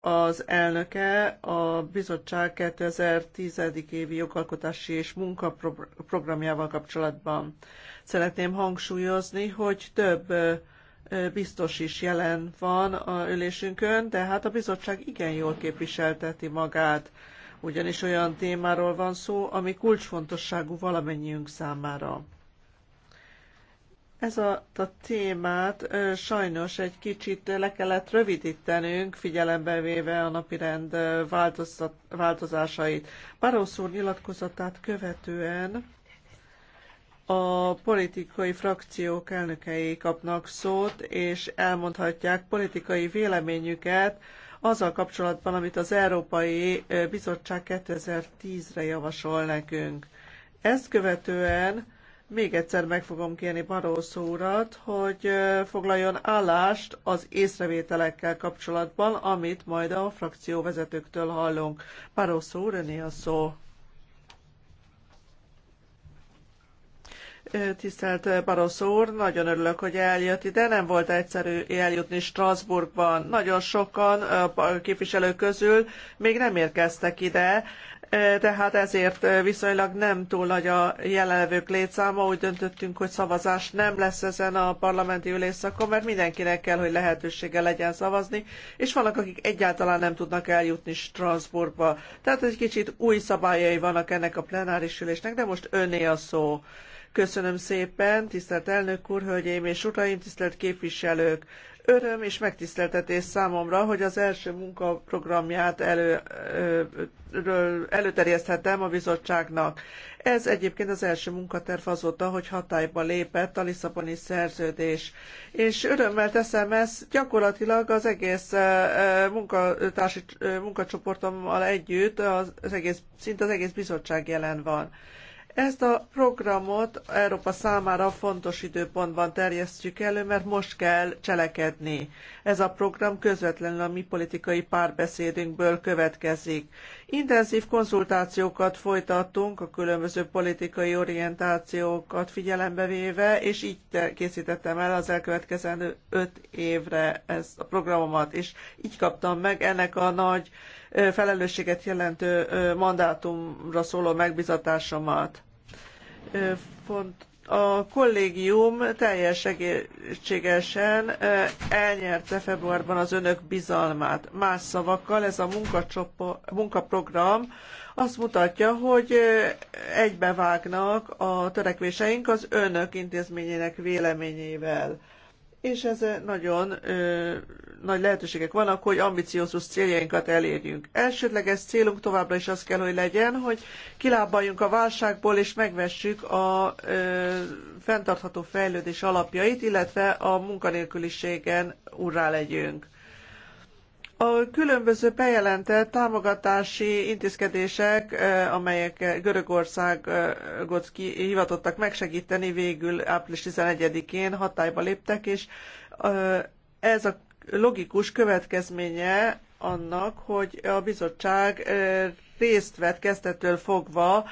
az elnöke a bizottság 2010. évi jogalkotási és munkaprogramjával kapcsolatban. Szeretném hangsúlyozni, hogy több biztos is jelen van a ülésünkön, de hát a bizottság igen jól képviselteti magát, ugyanis olyan témáról van szó, ami kulcsfontosságú valamennyiünk számára. Ez a, a témát ö, sajnos egy kicsit le kellett rövidítenünk, figyelembe véve a napirend változat, változásait. Barosz úr nyilatkozatát követően a politikai frakciók elnökei kapnak szót, és elmondhatják politikai véleményüket azzal kapcsolatban, amit az Európai Bizottság 2010-re javasol nekünk. Ezt követően még egyszer meg fogom kérni Barroso urat, hogy foglaljon állást az észrevételekkel kapcsolatban, amit majd a frakcióvezetőktől hallunk. Barroso úr, öné a szó. Tisztelt Barosz úr, nagyon örülök, hogy eljött ide. Nem volt egyszerű eljutni Strasbourgban. Nagyon sokan a képviselők közül még nem érkeztek ide, E, tehát ezért e, viszonylag nem túl nagy a jelenlevők létszáma. Úgy döntöttünk, hogy szavazás nem lesz ezen a parlamenti ülésszakon, mert mindenkinek kell, hogy lehetősége legyen szavazni, és vannak, akik egyáltalán nem tudnak eljutni Strasbourgba. Tehát egy kicsit új szabályai vannak ennek a plenáris ülésnek, de most öné a szó. Köszönöm szépen, tisztelt elnök úr, hölgyeim és uraim, tisztelt képviselők! Öröm és megtiszteltetés számomra, hogy az első munkaprogramját elő, előterjeszthetem a bizottságnak. Ez egyébként az első munkaterv azóta, hogy hatályba lépett a Lisszaboni szerződés. És örömmel teszem ezt gyakorlatilag az egész munkatársi, munkacsoportommal együtt, az, az egész, szinte az egész bizottság jelen van. Ezt a programot Európa számára fontos időpontban terjesztjük elő, mert most kell cselekedni. Ez a program közvetlenül a mi politikai párbeszédünkből következik. Intenzív konzultációkat folytattunk a különböző politikai orientációkat figyelembe véve, és így készítettem el az elkövetkezendő öt évre ezt a programomat, és így kaptam meg ennek a nagy felelősséget jelentő mandátumra szóló megbizatásomat a kollégium teljes egészségesen elnyerte februárban az önök bizalmát. Más szavakkal ez a munkaprogram azt mutatja, hogy egybevágnak a törekvéseink az önök intézményének véleményével. És ez nagyon nagy lehetőségek vannak, hogy ambiciózus céljainkat elérjünk. Elsődleges célunk továbbra is az kell, hogy legyen, hogy kilábaljunk a válságból és megvessük a ö, fenntartható fejlődés alapjait, illetve a munkanélküliségen urrá legyünk. A különböző bejelentett támogatási intézkedések, amelyek Görögországot hivatottak megsegíteni, végül április 11-én hatályba léptek, és ez a logikus következménye annak, hogy a bizottság részt vett kezdettől fogva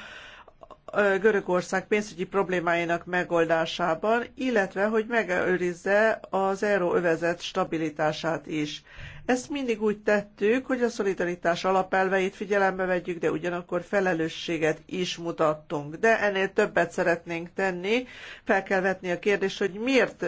Görögország pénzügyi problémáinak megoldásában, illetve hogy megőrizze az euróövezet stabilitását is. Ezt mindig úgy tettük, hogy a szolidaritás alapelveit figyelembe vegyük, de ugyanakkor felelősséget is mutattunk. De ennél többet szeretnénk tenni. Fel kell vetni a kérdést, hogy miért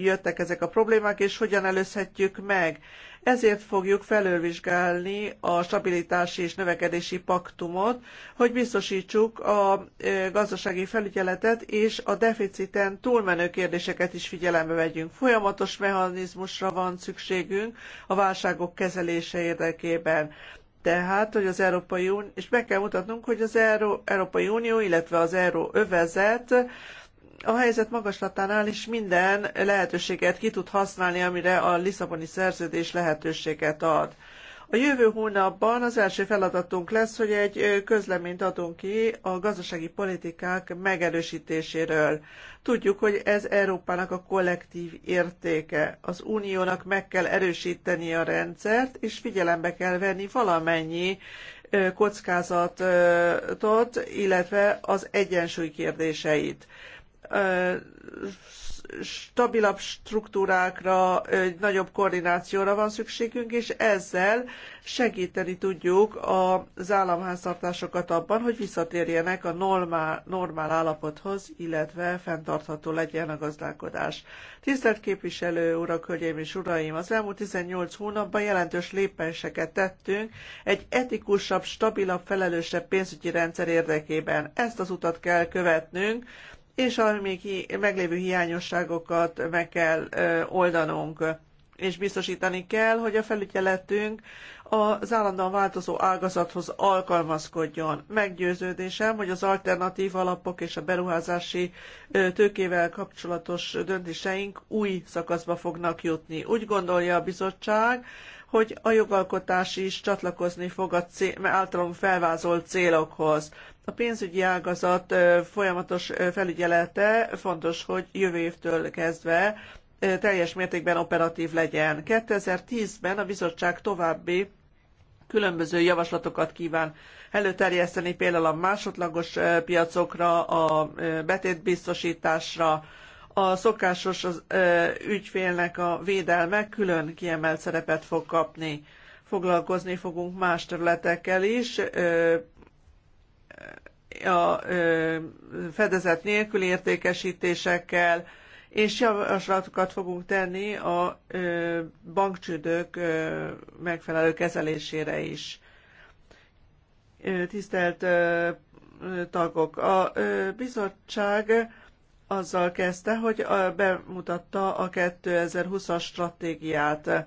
jöttek ezek a problémák, és hogyan előzhetjük meg. Ezért fogjuk felülvizsgálni a stabilitási és növekedési paktumot, hogy biztosítsuk a gazdasági felügyeletet és a deficiten túlmenő kérdéseket is figyelembe vegyünk. Folyamatos mechanizmusra van szükségünk a válságok kezelése érdekében. Tehát, hogy az Európai Unió, és meg kell mutatnunk, hogy az Euró, Európai Unió, illetve az Euró övezet a helyzet magaslatán áll, és minden lehetőséget ki tud használni, amire a Lisszaboni szerződés lehetőséget ad. A jövő hónapban az első feladatunk lesz, hogy egy közleményt adunk ki a gazdasági politikák megerősítéséről. Tudjuk, hogy ez Európának a kollektív értéke. Az uniónak meg kell erősíteni a rendszert, és figyelembe kell venni valamennyi kockázatot, illetve az egyensúly kérdéseit stabilabb struktúrákra, nagyobb koordinációra van szükségünk, és ezzel segíteni tudjuk az államháztartásokat abban, hogy visszatérjenek a normál, normál állapothoz, illetve fenntartható legyen a gazdálkodás. Tisztelt képviselő urak, hölgyeim és uraim! Az elmúlt 18 hónapban jelentős lépéseket tettünk egy etikusabb, stabilabb, felelősebb pénzügyi rendszer érdekében. Ezt az utat kell követnünk, és a még meglévő hiányosságokat meg kell oldanunk és biztosítani kell, hogy a felügyeletünk az állandóan változó ágazathoz alkalmazkodjon. Meggyőződésem, hogy az alternatív alapok és a beruházási tőkével kapcsolatos döntéseink új szakaszba fognak jutni. Úgy gondolja a bizottság, hogy a jogalkotás is csatlakozni fog a cél, általunk felvázolt célokhoz. A pénzügyi ágazat folyamatos felügyelete fontos, hogy jövő évtől kezdve teljes mértékben operatív legyen. 2010-ben a bizottság további különböző javaslatokat kíván előterjeszteni, például a másodlagos piacokra, a betétbiztosításra, a szokásos az, ügyfélnek a védelme külön kiemelt szerepet fog kapni. Foglalkozni fogunk más területekkel is, a fedezet nélkül értékesítésekkel, és javaslatokat fogunk tenni a bankcsődök megfelelő kezelésére is. Tisztelt tagok, a bizottság azzal kezdte, hogy bemutatta a 2020-as stratégiát.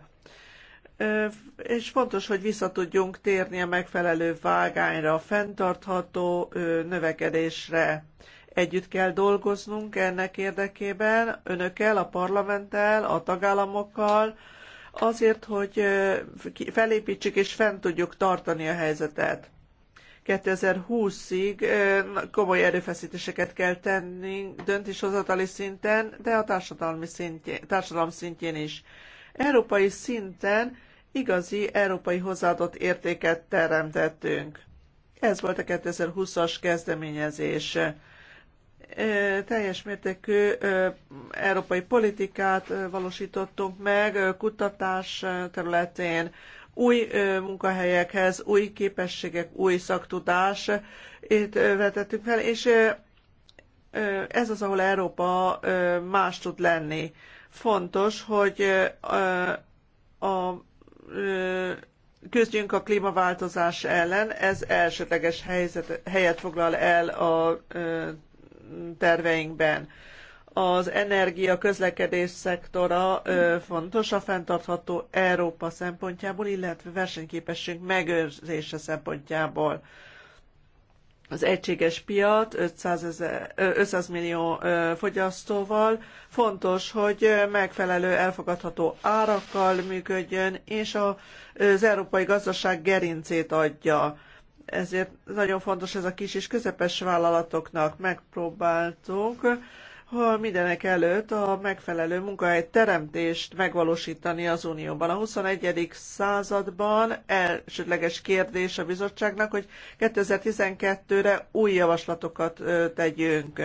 És fontos, hogy vissza tudjunk térni a megfelelő vágányra, fenntartható növekedésre. Együtt kell dolgoznunk ennek érdekében, önökkel, a parlamenttel, a tagállamokkal, azért, hogy felépítsük és fent tudjuk tartani a helyzetet. 2020-ig komoly erőfeszítéseket kell tenni döntéshozatali szinten, de a társadalmi szintjén, társadalom szintjén is. Európai szinten igazi európai hozzáadott értéket teremtettünk. Ez volt a 2020-as kezdeményezés teljes mértékű európai politikát valósítottunk meg kutatás területén új munkahelyekhez, új képességek, új szaktudás itt vetettünk fel, és ez az, ahol Európa más tud lenni. Fontos, hogy a, a küzdjünk a klímaváltozás ellen, ez elsődleges helyzet, helyet foglal el a terveinkben. Az energia közlekedés szektora fontos a fenntartható Európa szempontjából, illetve versenyképességünk megőrzése szempontjából az egységes piac 500, ezer, 500 millió fogyasztóval. Fontos, hogy megfelelő elfogadható árakkal működjön, és az európai gazdaság gerincét adja ezért nagyon fontos ez a kis és közepes vállalatoknak megpróbáltuk ha mindenek előtt a megfelelő munkahely teremtést megvalósítani az Unióban. A 21. században elsődleges kérdés a bizottságnak, hogy 2012-re új javaslatokat tegyünk.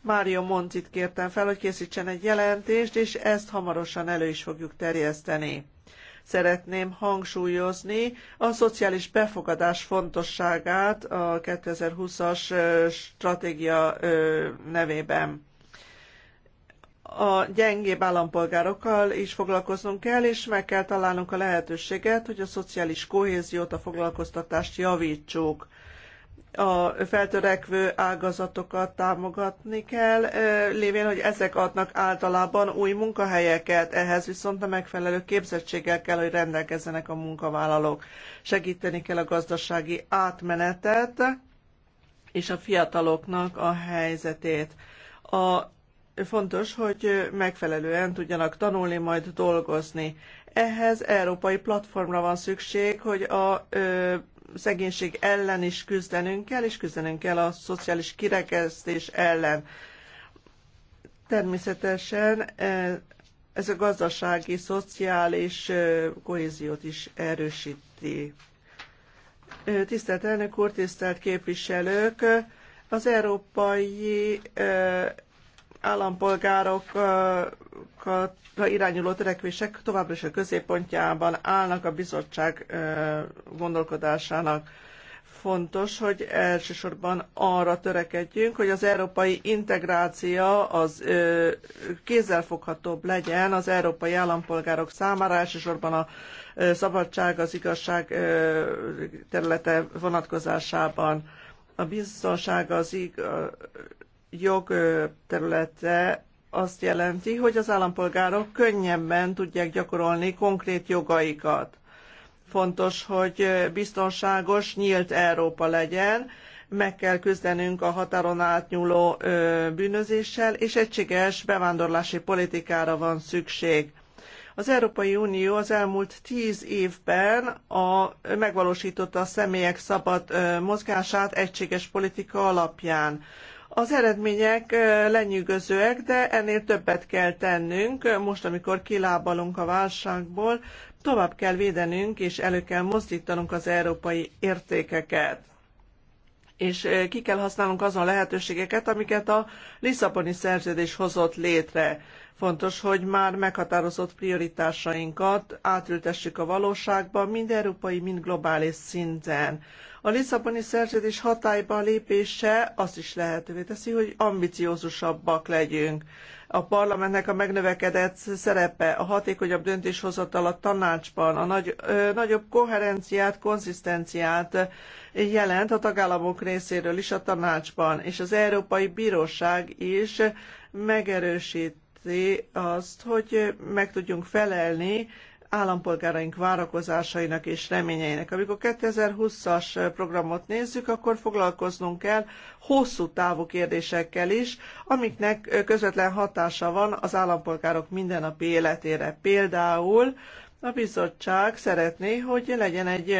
Mário Moncit kértem fel, hogy készítsen egy jelentést, és ezt hamarosan elő is fogjuk terjeszteni szeretném hangsúlyozni a szociális befogadás fontosságát a 2020-as stratégia nevében a gyengébb állampolgárokkal is foglalkoznunk kell, és meg kell találnunk a lehetőséget, hogy a szociális kohéziót, a foglalkoztatást javítsuk a feltörekvő ágazatokat támogatni kell, lévén, hogy ezek adnak általában új munkahelyeket, ehhez viszont a megfelelő képzettséggel kell, hogy rendelkezzenek a munkavállalók. Segíteni kell a gazdasági átmenetet és a fiataloknak a helyzetét. A fontos, hogy megfelelően tudjanak tanulni, majd dolgozni. Ehhez európai platformra van szükség, hogy a szegénység ellen is küzdenünk kell, és küzdenünk kell a szociális kirekesztés ellen. Természetesen e, ez a gazdasági, szociális e, kohéziót is erősíti. E, tisztelt elnök úr, tisztelt képviselők! Az európai állampolgárok reformokra irányuló törekvések továbbra is a középpontjában állnak a bizottság gondolkodásának. Fontos, hogy elsősorban arra törekedjünk, hogy az európai integráció az kézzelfoghatóbb legyen az európai állampolgárok számára, elsősorban a szabadság, az igazság területe vonatkozásában. A biztonság az ig- jog területe azt jelenti, hogy az állampolgárok könnyebben tudják gyakorolni konkrét jogaikat. Fontos, hogy biztonságos, nyílt Európa legyen, meg kell küzdenünk a határon átnyúló bűnözéssel, és egységes bevándorlási politikára van szükség. Az Európai Unió az elmúlt tíz évben a, megvalósította a személyek szabad mozgását egységes politika alapján. Az eredmények lenyűgözőek, de ennél többet kell tennünk. Most, amikor kilábalunk a válságból, tovább kell védenünk és elő kell mozdítanunk az európai értékeket és ki kell használnunk azon lehetőségeket, amiket a Lisszaboni szerződés hozott létre. Fontos, hogy már meghatározott prioritásainkat átültessük a valóságba, mind európai, mind globális szinten. A Lisszaboni szerződés hatályba lépése azt is lehetővé teszi, hogy ambiciózusabbak legyünk. A parlamentnek a megnövekedett szerepe, a hatékonyabb döntéshozatal a tanácsban, a nagy, ö, nagyobb koherenciát, konzisztenciát jelent a tagállamok részéről is a tanácsban, és az Európai Bíróság is megerősít azt, hogy meg tudjunk felelni állampolgáraink várakozásainak és reményeinek. Amikor 2020-as programot nézzük, akkor foglalkoznunk kell hosszú távú kérdésekkel is, amiknek közvetlen hatása van az állampolgárok mindennapi életére. Például a bizottság szeretné, hogy legyen egy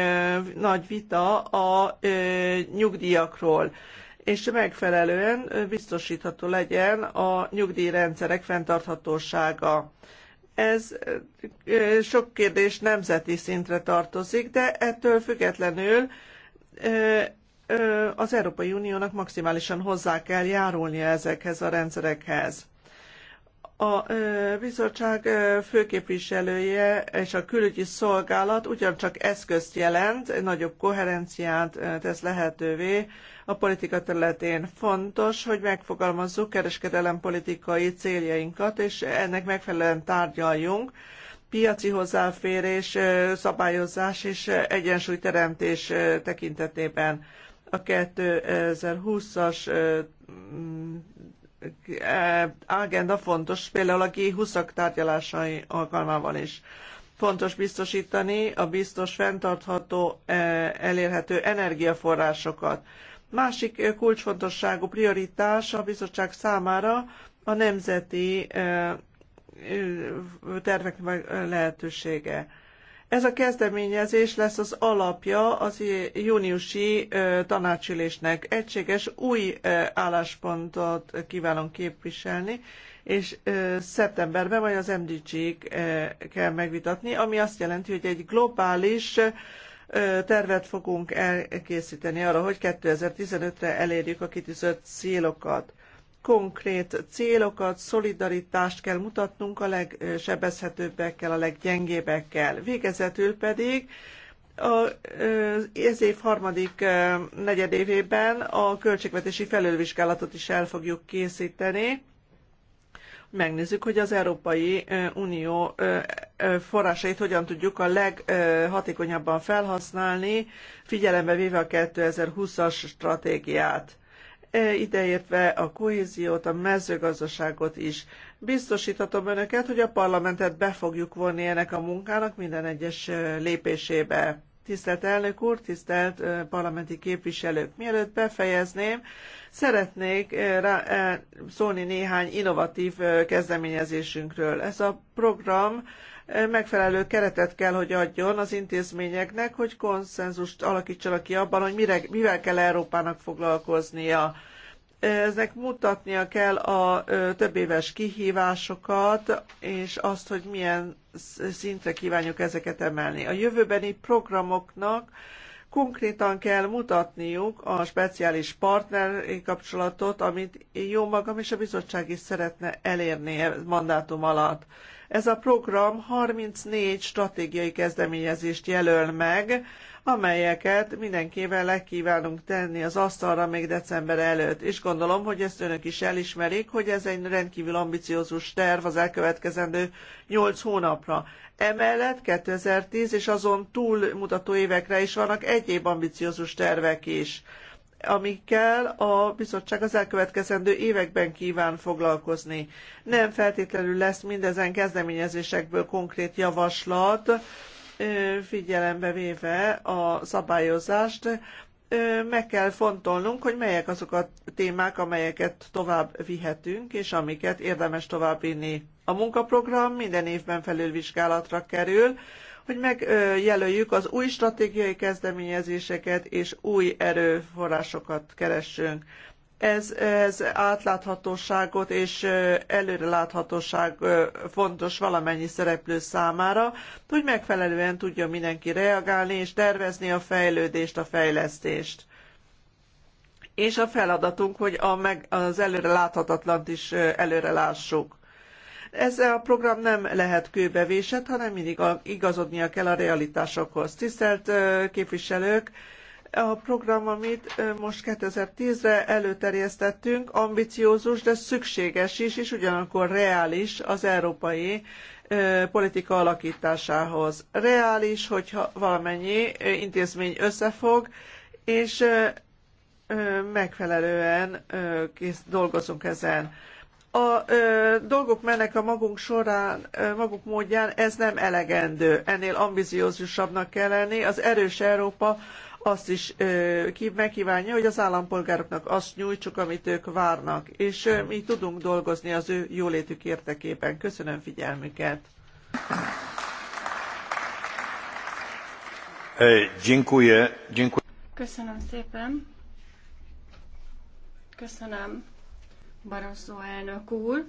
nagy vita a nyugdíjakról és megfelelően biztosítható legyen a nyugdíjrendszerek fenntarthatósága. Ez sok kérdés nemzeti szintre tartozik, de ettől függetlenül az Európai Uniónak maximálisan hozzá kell járulnia ezekhez a rendszerekhez. A bizottság főképviselője és a külügyi szolgálat ugyancsak eszközt jelent, nagyobb koherenciát tesz lehetővé a politika területén. Fontos, hogy megfogalmazzuk kereskedelempolitikai céljainkat, és ennek megfelelően tárgyaljunk piaci hozzáférés, szabályozás és egyensúlyteremtés tekintetében a 2020-as Eh, agenda fontos, például a G20-ak tárgyalásai alkalmával is. Fontos biztosítani a biztos, fenntartható, eh, elérhető energiaforrásokat. Másik eh, kulcsfontosságú prioritás a bizottság számára a nemzeti tervek lehetősége. Ez a kezdeményezés lesz az alapja az júniusi tanácsülésnek. Egységes új álláspontot kívánunk képviselni, és szeptemberben majd az MDG-k kell megvitatni, ami azt jelenti, hogy egy globális tervet fogunk elkészíteni arra, hogy 2015-re elérjük a kitűzött célokat konkrét célokat, szolidaritást kell mutatnunk a legsebezhetőbbekkel, a leggyengébbekkel. Végezetül pedig a, ez év harmadik negyedévében a költségvetési felülvizsgálatot is el fogjuk készíteni. Megnézzük, hogy az Európai Unió forrásait hogyan tudjuk a leghatékonyabban felhasználni, figyelembe véve a 2020-as stratégiát E, ideértve a kohéziót, a mezőgazdaságot is. Biztosíthatom önöket, hogy a parlamentet be fogjuk vonni ennek a munkának minden egyes e, lépésébe. Tisztelt elnök úr, tisztelt e, parlamenti képviselők! Mielőtt befejezném, szeretnék szólni néhány innovatív kezdeményezésünkről. Ez a program megfelelő keretet kell, hogy adjon az intézményeknek, hogy konszenzust alakítsanak ki abban, hogy mire, mivel kell Európának foglalkoznia. Eznek mutatnia kell a többéves kihívásokat, és azt, hogy milyen szintre kívánjuk ezeket emelni. A jövőbeni programoknak konkrétan kell mutatniuk a speciális partner kapcsolatot, amit jó magam és a bizottság is szeretne elérni e mandátum alatt. Ez a program 34 stratégiai kezdeményezést jelöl meg, amelyeket mindenkével legkívánunk tenni az asztalra még december előtt. És gondolom, hogy ezt önök is elismerik, hogy ez egy rendkívül ambiciózus terv az elkövetkezendő 8 hónapra. Emellett 2010 és azon túlmutató évekre is vannak egyéb ambiciózus tervek is amikkel a bizottság az elkövetkezendő években kíván foglalkozni. Nem feltétlenül lesz mindezen kezdeményezésekből konkrét javaslat, figyelembe véve a szabályozást, meg kell fontolnunk, hogy melyek azok a témák, amelyeket tovább vihetünk, és amiket érdemes tovább vinni. A munkaprogram minden évben felülvizsgálatra kerül, hogy megjelöljük az új stratégiai kezdeményezéseket és új erőforrásokat keressünk. Ez, ez átláthatóságot és előreláthatóság fontos valamennyi szereplő számára, hogy megfelelően tudja mindenki reagálni és tervezni a fejlődést, a fejlesztést és a feladatunk, hogy a meg, az előre is előre lássuk. Ez a program nem lehet kőbevésett, hanem mindig igazodnia kell a realitásokhoz. Tisztelt képviselők, a program, amit most 2010-re előterjesztettünk, ambiciózus, de szükséges is, és ugyanakkor reális az európai politika alakításához. Reális, hogyha valamennyi intézmény összefog, és megfelelően dolgozunk ezen a ö, dolgok mennek a magunk során, ö, maguk módján, ez nem elegendő. Ennél ambiciózusabbnak kell lenni. Az erős Európa azt is ö, ki, megkívánja, hogy az állampolgároknak azt nyújtsuk, amit ők várnak, és ö, mi tudunk dolgozni az ő jólétük érdekében. Köszönöm figyelmüket! Köszönöm szépen! Köszönöm Barroso elnök úr,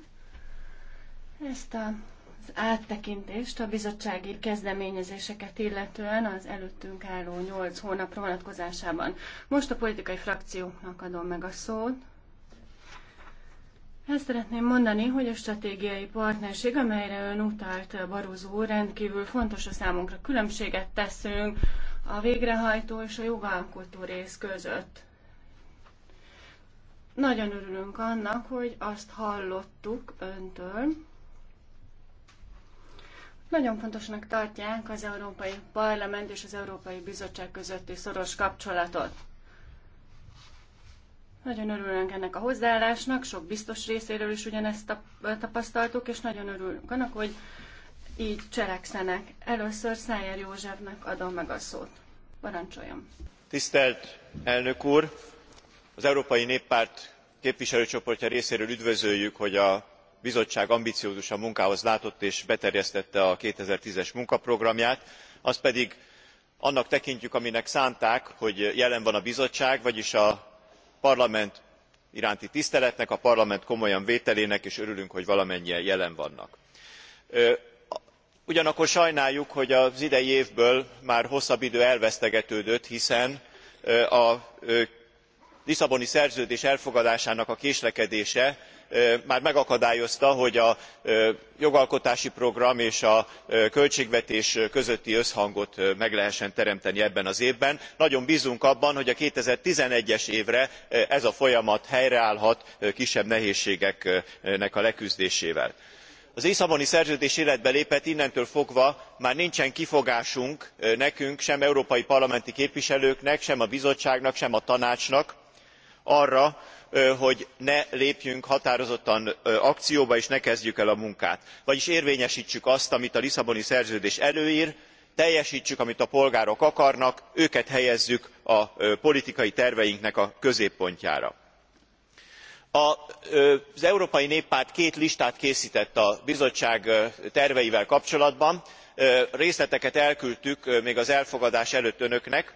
ezt a, az áttekintést a bizottsági kezdeményezéseket illetően az előttünk álló 8 hónap vonatkozásában. Most a politikai frakcióknak adom meg a szót. Ezt szeretném mondani, hogy a stratégiai partnerség, amelyre ön utalt Barozó, rendkívül fontos a számunkra. Különbséget teszünk a végrehajtó és a jogalkotó rész között. Nagyon örülünk annak, hogy azt hallottuk öntől. Nagyon fontosnak tartják az Európai Parlament és az Európai Bizottság közötti szoros kapcsolatot. Nagyon örülünk ennek a hozzáállásnak, sok biztos részéről is ugyanezt tapasztaltuk, és nagyon örülünk annak, hogy így cselekszenek. Először Szájer Józsefnek adom meg a szót. Parancsoljon! Tisztelt elnök úr! az európai néppárt képviselőcsoportja részéről üdvözöljük hogy a bizottság ambiciózus munkához látott és beterjesztette a two thousand and ten es munkaprogramját azt pedig annak tekintjük aminek szánták hogy jelen van a bizottság vagyis a parlament iránti tiszteletnek a parlament komolyan vételének és örülünk hogy valamennyien jelen vannak. ugyanakkor sajnáljuk hogy az idei évből már hosszabb idő elvesztegetődött hiszen a lisszaboni szerződés elfogadásának a késlekedése már megakadályozta hogy a jogalkotási program és a költségvetés közötti összhangot meg lehessen teremteni ebben az évben. nagyon bzunk abban hogy a two thousand and eleven es évre ez a folyamat helyreállhat kisebb nehézségeknek a leküzdésével. az lisszaboni szerződés életbe lépett innentől fogva már nincsen kifogásunk nekünk sem európai parlamenti képviselőknek sem a bizottságnak sem a tanácsnak arra hogy ne lépjünk határozottan akcióba és ne kezdjük el a munkát vagyis érvényestsük azt amit a lisszaboni szerződés előr teljestsük amit a polgárok akarnak őket helyezzük a politikai terveinknek a középpontjára. az európai néppárt két listát késztett a bizottság terveivel kapcsolatban részleteket elküldtük még az elfogadás előtt önöknek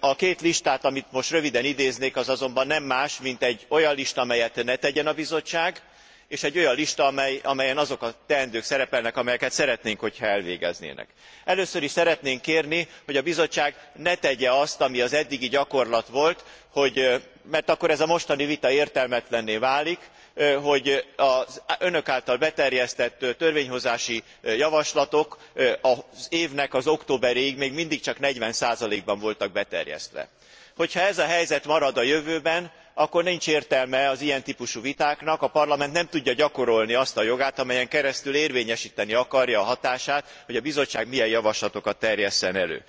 a két listát amit most röviden idéznék az azonban nem más mint egy olyan lista amelyet ne tegyen a bizottság és egy olyan lista amelyen azok a teendők szerepelnek amelyeket szeretnénk hogyha elvégeznének. először is szeretnénk kérni hogy a bizottság ne tegye azt ami az eddigi gyakorlat volt mert akkor ez a mostani vita értelmetlenné válik hogy az önök által beterjesztett törvényhozási javaslatok az évnek az októberéig még mindig csak forty ban voltak beterjesztve. hogyha ez a helyzet marad a jövőben akkor nincs értelme az ilyen tpusú vitáknak a parlament nem tudja gyakorolni azt a jogát amelyen keresztül érvényesteni akarja a hatását hogy a bizottság milyen javaslatokat terjesszen elő.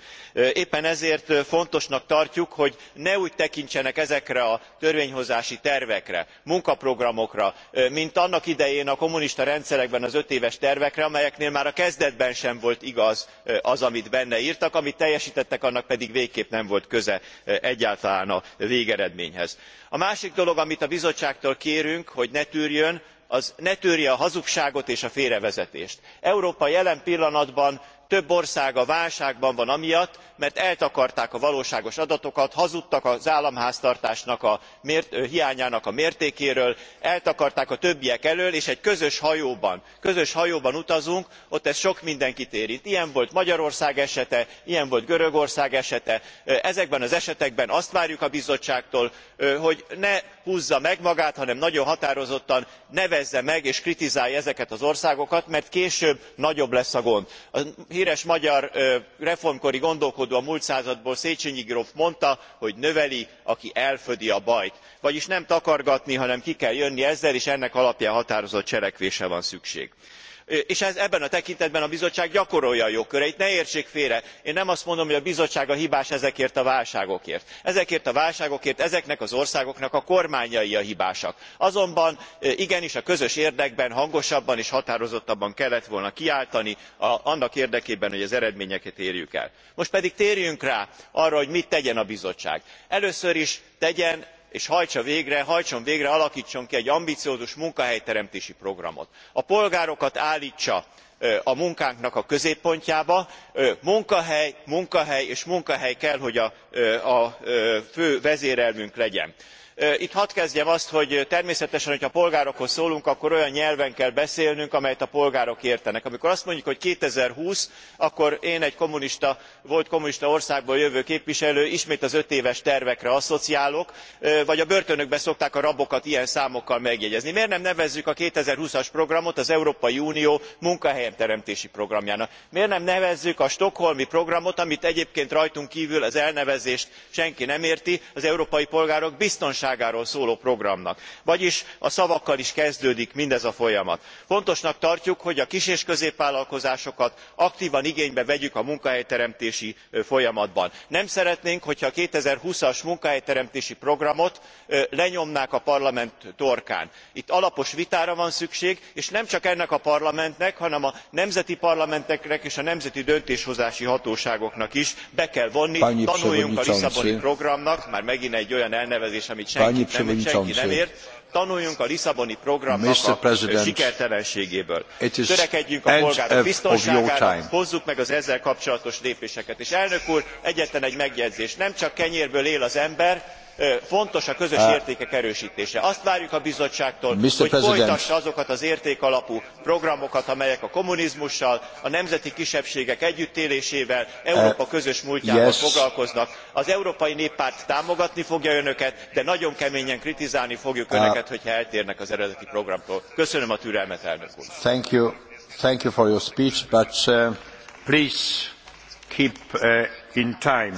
éppen ezért fontosnak tartjuk hogy ne úgy tekintsenek ezekre a törvényhozási tervekre munkaprogramokra mint annak idején a kommunista rendszerekben az ötéves tervekre amelyeknél már a kezdetben sem volt igaz az amit benne rtak amit teljestettek annak pedig végképp nem volt köze egyáltalán a végeredményhez a másik dolog amit a bizottságtól kérünk hogy ne tűrjön az ne tűrje a hazugságot és a félrevezetést. európa jelen pillanatban több ország a válságban van amiatt mert eltakarták a valóságos adatokat hazudtak az államháztartásnak a hiányának a mértékéről eltakarták a többiek elől és egy közös hajóban utazunk ott ez sok mindenkit érint. ilyen volt magyarország esete ilyen volt görögország esete ezekben az esetekben azt várjuk a bizottságtól hogy ne húzza meg magát hanem nagyon határozottan nevezze meg és kritizálja ezeket az országokat mert később nagyobb lesz a gond. a hres magyar reformkori gondolkodó a múlt századból széchenyi gróf mondta hogy növeli aki elfödi a bajt vagyis nem takargatni hanem ki kell jönni ezzel és ennek alapján határozott cselekvésre van szükség és ebben a tekintetben a bizottság gyakorolja a jogköreit ne értsék félre én nem azt mondom hogy a bizottság a hibás ezekért a válságokért ezekért a válságokért ezeknek az országoknak a kormányai a hibásak azonban igenis a közös érdekben hangosabban és határozottabban kellett volna kiáltani annak érdekében hogy az eredményeket érjük el. most pedig térjünk rá arra hogy mit tegyen a bizottság. először is tegyen és hajtsa végre hajtson végre alaktson ki egy ambiciózus munkahelyteremtési programot. a polgárokat álltsa a munkánknak a középpontjába munkahely munkahely és munkahely kell hogy a fő vezérelvünk legyen itt hadd kezdjem azt hogy természetesen hogyha a polgárokhoz szólunk akkor olyan nyelven kell beszélnünk amelyet a polgárok értenek. amikor azt mondjuk hogy two thousand and twenty akkor én egy volt kommunista országból jövő képviselő ismét az ötéves tervekre asszociálok vagy a börtönökben szokták a rabokat ilyen számokkal megjegyezni. miért nem nevezzük a two thousand and twenty as programot az európai unió munkahelyteremtési programjának? miért nem nevezzük a stockholmi programot amit egyébként rajtunk kvül az elnevezést senki nem érti az európai polgárok biztonságának programjának? hatékonyságáról szóló programnak vagyis a szavakkal is kezdődik mindez a folyamat. fontosnak tartjuk hogy a kis és középvállalkozásokat aktvan igénybe vegyük a munkahelyteremtési folyamatban. nem szeretnénk hogyha a two thousand and twenty as munkahelyteremtési programot lenyomnák a parlament torkán. itt alapos vitára van szükség és nem csak ennek a parlamentnek hanem a nemzeti parlamenteknek és a nemzeti döntéshozási hatóságoknak is be kell vonni tanuljunk a lisszaboni programnak már megint egy olyan elnevezés amit senki senkit nem, senki nem ért tanuljunk a lisszaboni programnak a sikertelenségéből törekedjünk a polgárok biztonságára hozzuk meg az ezzel kapcsolatos lépéseket. és elnök úr egyetlen egy megjegyzés nem csak kenyérből él az ember fontos a közös értékek erőstése. azt várjuk a bizottságtól hogy folytassa azokat az értékalapú programokat amelyek a kommunizmussal a nemzeti kisebbségek együttélésével európa közös múltjával foglalkoznak. az európai néppárt támogatni fogja önöket de nagyon keményen kritizálni fogjuk önöket hogyha eltérnek az eredeti programtól. köszönöm a türelmet elnök úr! thank you for your speech but uh, please keep uh, in time.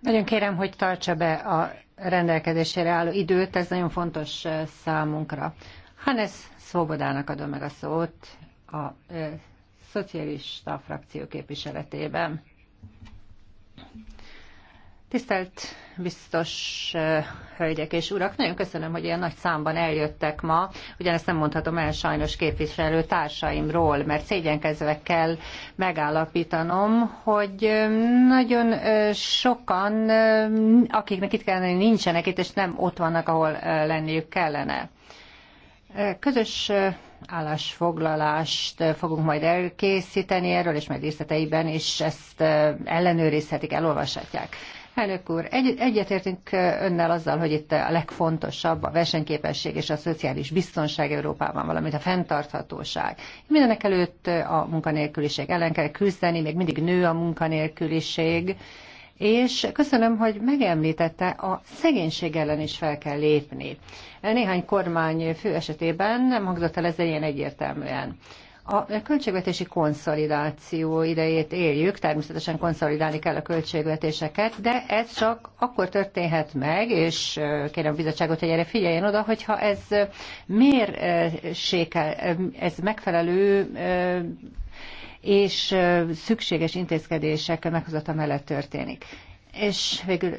Nagyon kérem, hogy tartsa be a rendelkezésére álló időt, ez nagyon fontos számunkra. Hannes Szobodának adom meg a szót a szocialista frakció képviseletében. Tisztelt biztos hölgyek és urak, nagyon köszönöm, hogy ilyen nagy számban eljöttek ma. Ugyanezt nem mondhatom el sajnos képviselő társaimról, mert szégyenkezve kell megállapítanom, hogy nagyon sokan, akiknek itt kellene, nincsenek itt, és nem ott vannak, ahol lenniük kellene. Közös állásfoglalást fogunk majd elkészíteni erről, és majd részleteiben is ezt ellenőrizhetik, elolvashatják. Elnök úr, egy, egyetértünk önnel azzal, hogy itt a legfontosabb a versenyképesség és a szociális biztonság Európában, valamint a fenntarthatóság. Mindenek előtt a munkanélküliség ellen kell küzdeni, még mindig nő a munkanélküliség, és köszönöm, hogy megemlítette, a szegénység ellen is fel kell lépni. Néhány kormány fő esetében nem hangzott el ez ilyen egyértelműen. A költségvetési konszolidáció idejét éljük, természetesen konszolidálni kell a költségvetéseket, de ez csak akkor történhet meg, és kérem a bizottságot, hogy erre figyeljen oda, hogyha ez mérséke, ez megfelelő és szükséges intézkedések meghozata mellett történik. És végül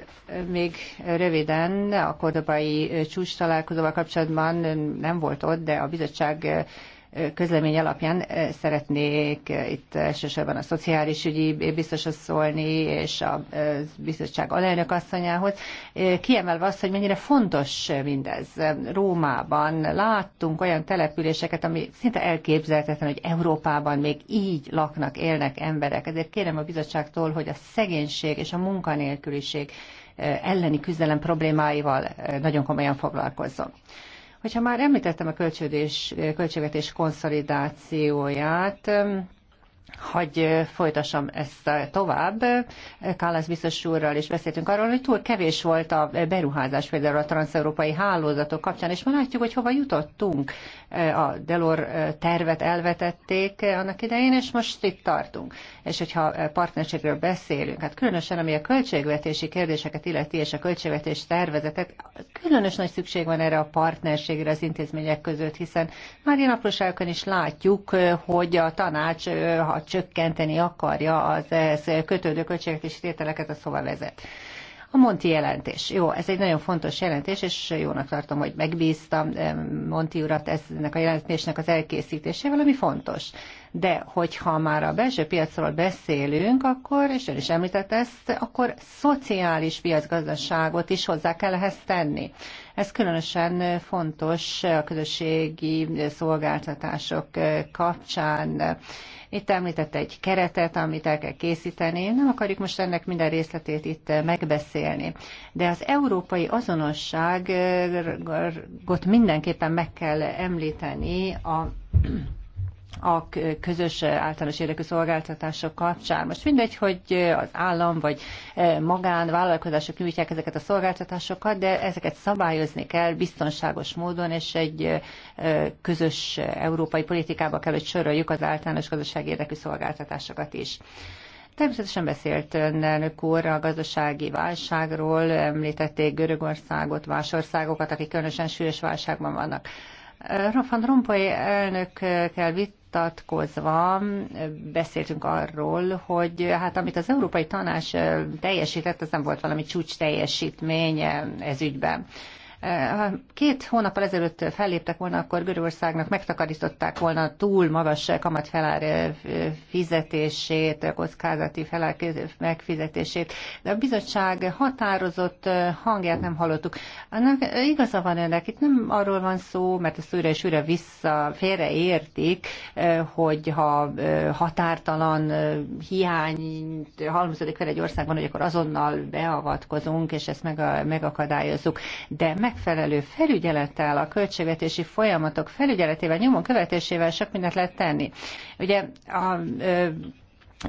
még röviden a kordobai csúcs találkozóval kapcsolatban nem volt ott, de a bizottság közlemény alapján szeretnék itt elsősorban a szociális ügyi biztoshoz szólni, és a bizottság alelnök asszonyához, kiemelve azt, hogy mennyire fontos mindez. Rómában láttunk olyan településeket, ami szinte elképzelhetetlen, hogy Európában még így laknak, élnek emberek. Ezért kérem a bizottságtól, hogy a szegénység és a munkanélküliség elleni küzdelem problémáival nagyon komolyan foglalkozzon. Hogyha már említettem a költségvetés konszolidációját, hagy folytassam ezt tovább. Kálasz biztos úrral is beszéltünk arról, hogy túl kevés volt a beruházás például a transeurópai hálózatok kapcsán, és ma látjuk, hogy hova jutottunk. A Delor tervet elvetették annak idején, és most itt tartunk. És hogyha partnerségről beszélünk, hát különösen ami a költségvetési kérdéseket illeti, és a költségvetés tervezetet, különös nagy szükség van erre a partnerségre az intézmények között, hiszen már ilyen apróságokon is látjuk, hogy a tanács csökkenteni akarja az ehhez kötődő költségeket és tételeket, az hova vezet. A Monti jelentés. Jó, ez egy nagyon fontos jelentés, és jónak tartom, hogy megbíztam Monti urat ennek a jelentésnek az elkészítésével, ami fontos. De hogyha már a belső piacról beszélünk, akkor, és ön is említett ezt, akkor szociális piacgazdaságot is hozzá kell ehhez tenni. Ez különösen fontos a közösségi szolgáltatások kapcsán itt említett egy keretet, amit el kell készíteni. Nem akarjuk most ennek minden részletét itt megbeszélni. De az európai azonosságot mindenképpen meg kell említeni a a közös eh, általános érdekű szolgáltatások kapcsán. Most mindegy, hogy eh, az állam vagy eh, magán vállalkozások nyújtják ezeket a szolgáltatásokat, de ezeket szabályozni kell biztonságos módon, és egy közös európai politikába kell, hogy soroljuk az általános gazdasági érdekű szolgáltatásokat is. Természetesen beszélt elnök úr a gazdasági válságról, említették Görögországot, más országokat, akik különösen súlyos válságban vannak. Van Rompoy elnökkel vitatkozva beszéltünk arról, hogy hát amit az Európai Tanács teljesített, az nem volt valami csúcs teljesítmény ez ügyben két hónap ezelőtt felléptek volna, akkor Görögországnak megtakarították volna túl magas kamatfelár fizetését, kockázati felár megfizetését, de a bizottság határozott hangját nem hallottuk. Annak igaza van ennek, itt nem arról van szó, mert ezt újra és újra vissza félreértik, hogy ha határtalan hiány halmozódik fel egy országban, hogy akkor azonnal beavatkozunk, és ezt meg, megakadályozzuk. De meg megfelelő felügyelettel, a költségvetési folyamatok felügyeletével, nyomon követésével sok mindent lehet tenni. Ugye a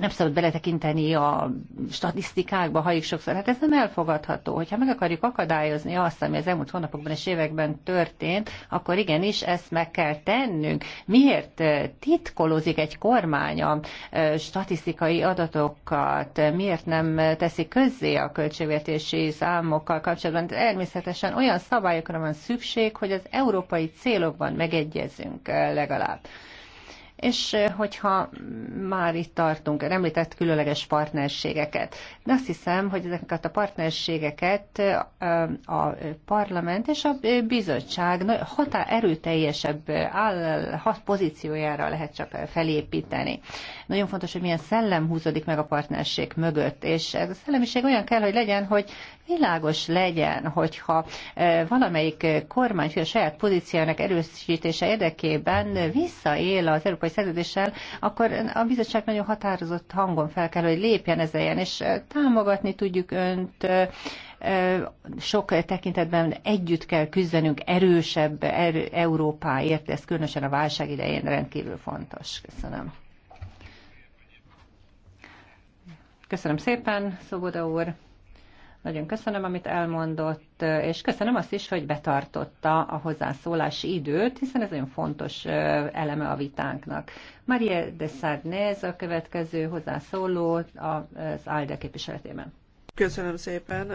nem szabad beletekinteni a statisztikákba, is sokszor, hát ez nem elfogadható. Hogyha meg akarjuk akadályozni azt, ami az elmúlt hónapokban és években történt, akkor igenis ezt meg kell tennünk. Miért eh, titkolózik egy kormány a eh, statisztikai adatokat? Miért nem teszi közzé a költségvetési számokkal kapcsolatban? Természetesen olyan szabályokra van szükség, hogy az európai célokban megegyezünk eh, legalább és hogyha már itt tartunk, említett különleges partnerségeket. De azt hiszem, hogy ezeket a partnerségeket a parlament és a bizottság határ erőteljesebb áll, hat pozíciójára lehet csak felépíteni. Nagyon fontos, hogy milyen szellem húzódik meg a partnerség mögött, és ez a szellemiség olyan kell, hogy legyen, hogy világos legyen, hogyha e, valamelyik kormány a saját pozíciójának erősítése érdekében visszaél az európai szerződéssel, akkor a bizottság nagyon határozott hangon fel kell, hogy lépjen ezen, és e, támogatni tudjuk önt, e, sok tekintetben együtt kell küzdenünk erősebb er-, Európáért, ez különösen a válság idején rendkívül fontos. Köszönöm. Köszönöm szépen, Szoboda úr. Nagyon köszönöm, amit elmondott, és köszönöm azt is, hogy betartotta a hozzászólási időt, hiszen ez nagyon fontos eleme a vitánknak. Marie de Sarnez a következő hozzászóló az ALDE képviseletében. Köszönöm szépen.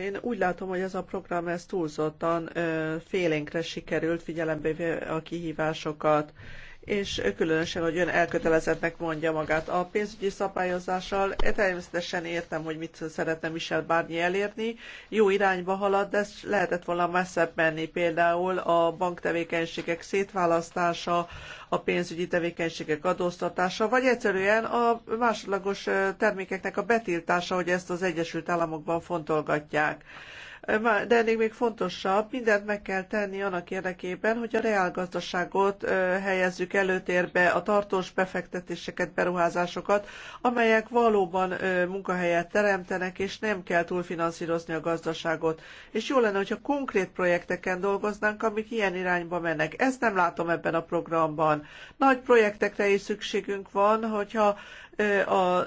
Én úgy látom, hogy ez a program ez túlzottan félénkre sikerült, figyelembe a kihívásokat és különösen, hogy ön elkötelezettnek mondja magát a pénzügyi szabályozással. Természetesen értem, hogy mit szeretne Michel Barnier elérni. Jó irányba halad, de lehetett volna messzebb menni. Például a banktevékenységek szétválasztása, a pénzügyi tevékenységek adóztatása, vagy egyszerűen a másodlagos termékeknek a betiltása, hogy ezt az Egyesült Államokban fontolgatják de ennél még fontosabb, mindent meg kell tenni annak érdekében, hogy a reálgazdaságot helyezzük előtérbe, a tartós befektetéseket, beruházásokat, amelyek valóban munkahelyet teremtenek, és nem kell túlfinanszírozni a gazdaságot. És jó lenne, hogyha konkrét projekteken dolgoznánk, amik ilyen irányba mennek. Ezt nem látom ebben a programban. Nagy projektekre is szükségünk van, hogyha a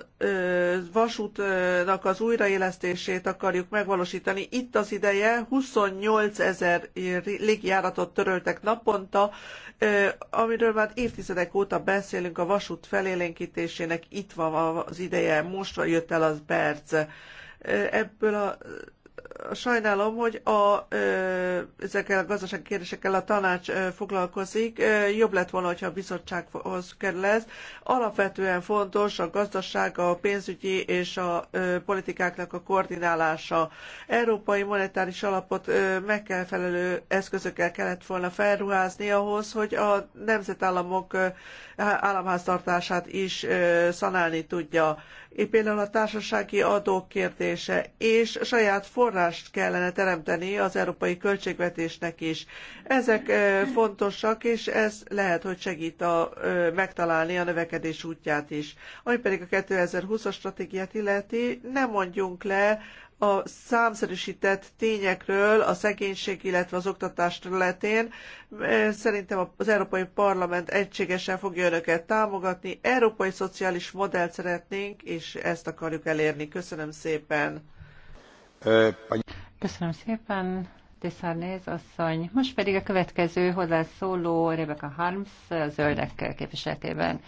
vasútnak az újraélesztését akarjuk megvalósítani. Itt az ideje, 28 ezer légjáratot töröltek naponta, amiről már évtizedek óta beszélünk a vasút felélénkítésének. Itt van az ideje, most jött el az perc. Ebből a sajnálom, hogy a, ezekkel a gazdasági kérdésekkel a tanács foglalkozik. Jobb lett volna, hogyha a bizottsághoz kerül ez. Alapvetően fontos a gazdaság, a pénzügyi és a politikáknak a koordinálása. Európai monetáris alapot meg kell felelő eszközökkel kellett volna felruházni ahhoz, hogy a nemzetállamok államháztartását is szanálni tudja. Én például a társasági adók kérdése és saját for forrást kellene teremteni az európai költségvetésnek is. Ezek fontosak, és ez lehet, hogy segít a, megtalálni a növekedés útját is. Ami pedig a 2020-as stratégiát illeti, nem mondjunk le a számszerűsített tényekről a szegénység, illetve az oktatás területén. Szerintem az Európai Parlament egységesen fogja önöket támogatni. Európai szociális modellt szeretnénk, és ezt akarjuk elérni. Köszönöm szépen! Köszönöm szépen, Tiszarnéz asszony. Most pedig a következő hozzászóló Rebecca Harms, a zöldek képviseletében.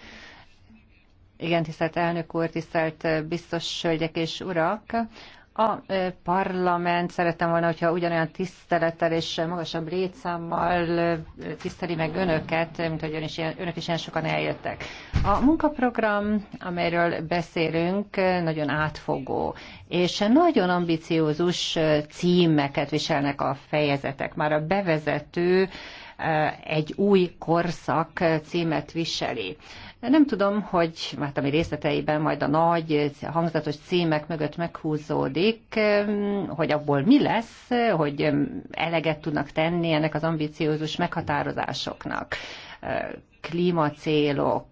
Igen, tisztelt elnök úr, tisztelt biztos hölgyek és urak! A parlament szerettem volna, hogyha ugyanolyan tisztelettel és magasabb létszámmal tiszteli meg önöket, mint hogy ön is ilyen, önök is ilyen sokan eljöttek. A munkaprogram, amelyről beszélünk, nagyon átfogó, és nagyon ambiciózus címeket viselnek a fejezetek. Már a bevezető egy új korszak címet viseli. Nem tudom, hogy hát ami részleteiben majd a nagy hangzatos címek mögött meghúzódik, hogy abból mi lesz, hogy eleget tudnak tenni ennek az ambiciózus meghatározásoknak klímacélok,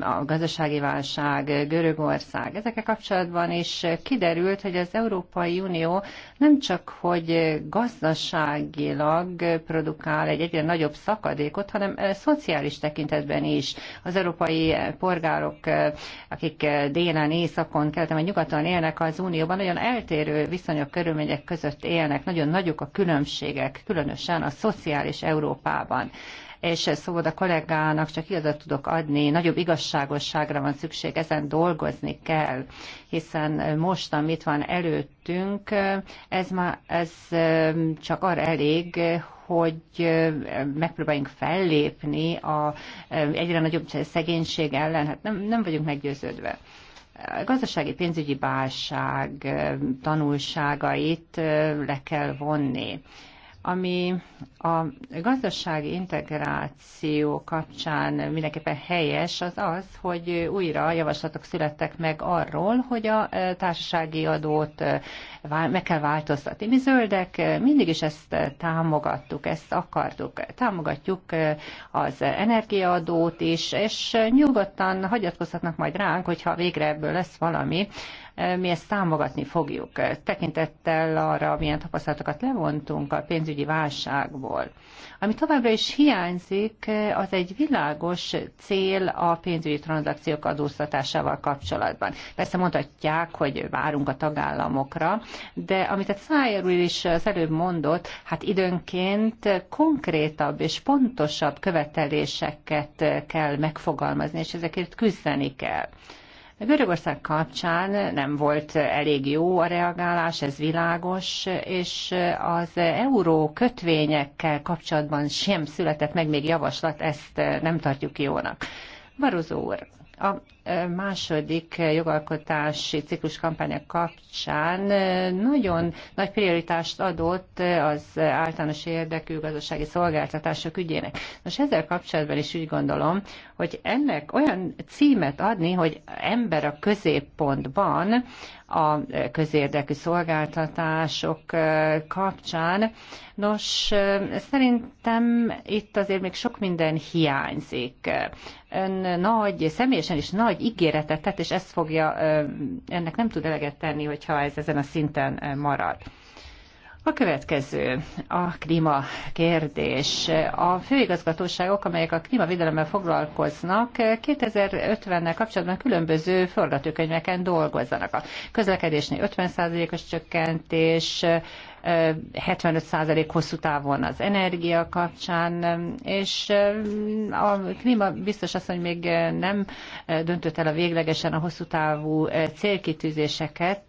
a gazdasági válság, Görögország, ezekkel kapcsolatban is kiderült, hogy az Európai Unió nem csak, hogy gazdaságilag produkál egy egyre nagyobb szakadékot, hanem eh, szociális tekintetben is. Az európai eh, polgárok, eh, akik délen, északon, keleten vagy nyugaton élnek az Unióban, nagyon eltérő viszonyok, körülmények között élnek, nagyon nagyok a különbségek, különösen a szociális Európában és szóval a kollégának csak igazat tudok adni, nagyobb igazságosságra van szükség, ezen dolgozni kell, hiszen most, amit van előttünk, ez, ma ez csak arra elég, hogy megpróbáljunk fellépni a egyre nagyobb szegénység ellen, hát nem, nem vagyunk meggyőződve. A gazdasági pénzügyi válság tanulságait le kell vonni ami a gazdasági integráció kapcsán mindenképpen helyes, az az, hogy újra javaslatok születtek meg arról, hogy a e, társasági adót e, meg kell változtatni. Mi zöldek e, mindig is ezt támogattuk, ezt akartuk. Támogatjuk az energiaadót is, és nyugodtan hagyatkozhatnak majd ránk, hogyha végre ebből lesz valami, mi ezt támogatni fogjuk, tekintettel arra, milyen tapasztalatokat levontunk a pénzügyi válságból. Ami továbbra is hiányzik, az egy világos cél a pénzügyi tranzakciók adóztatásával kapcsolatban. Persze mondhatják, hogy várunk a tagállamokra, de amit a Szájer is az előbb mondott, hát időnként konkrétabb és pontosabb követeléseket kell megfogalmazni, és ezekért küzdeni kell. Görögország kapcsán nem volt elég jó a reagálás, ez világos, és az euró kötvényekkel kapcsolatban sem született meg még javaslat, ezt nem tartjuk jónak. Barozó úr, a e, második jogalkotási ciklus kampánya kapcsán e, nagyon nagy prioritást adott az általános érdekű gazdasági szolgáltatások ügyének. Most ezzel kapcsolatban is úgy gondolom, hogy ennek olyan címet adni, hogy ember a középpontban, a közérdekű szolgáltatások kapcsán. Nos, szerintem itt azért még sok minden hiányzik. Ön nagy, személyesen is nagy ígéretet tett, és ezt fogja, ennek nem tud eleget tenni, hogyha ez ezen a szinten marad. A következő, a klíma kérdés. A főigazgatóságok, amelyek a klímavédelemmel foglalkoznak, 2050-nel kapcsolatban különböző forgatókönyveken dolgozzanak. A közlekedésnél 50%-os csökkentés, 75% hosszú távon az energia kapcsán, és a klíma biztos azt, hogy még nem döntött el a véglegesen a hosszú távú célkitűzéseket,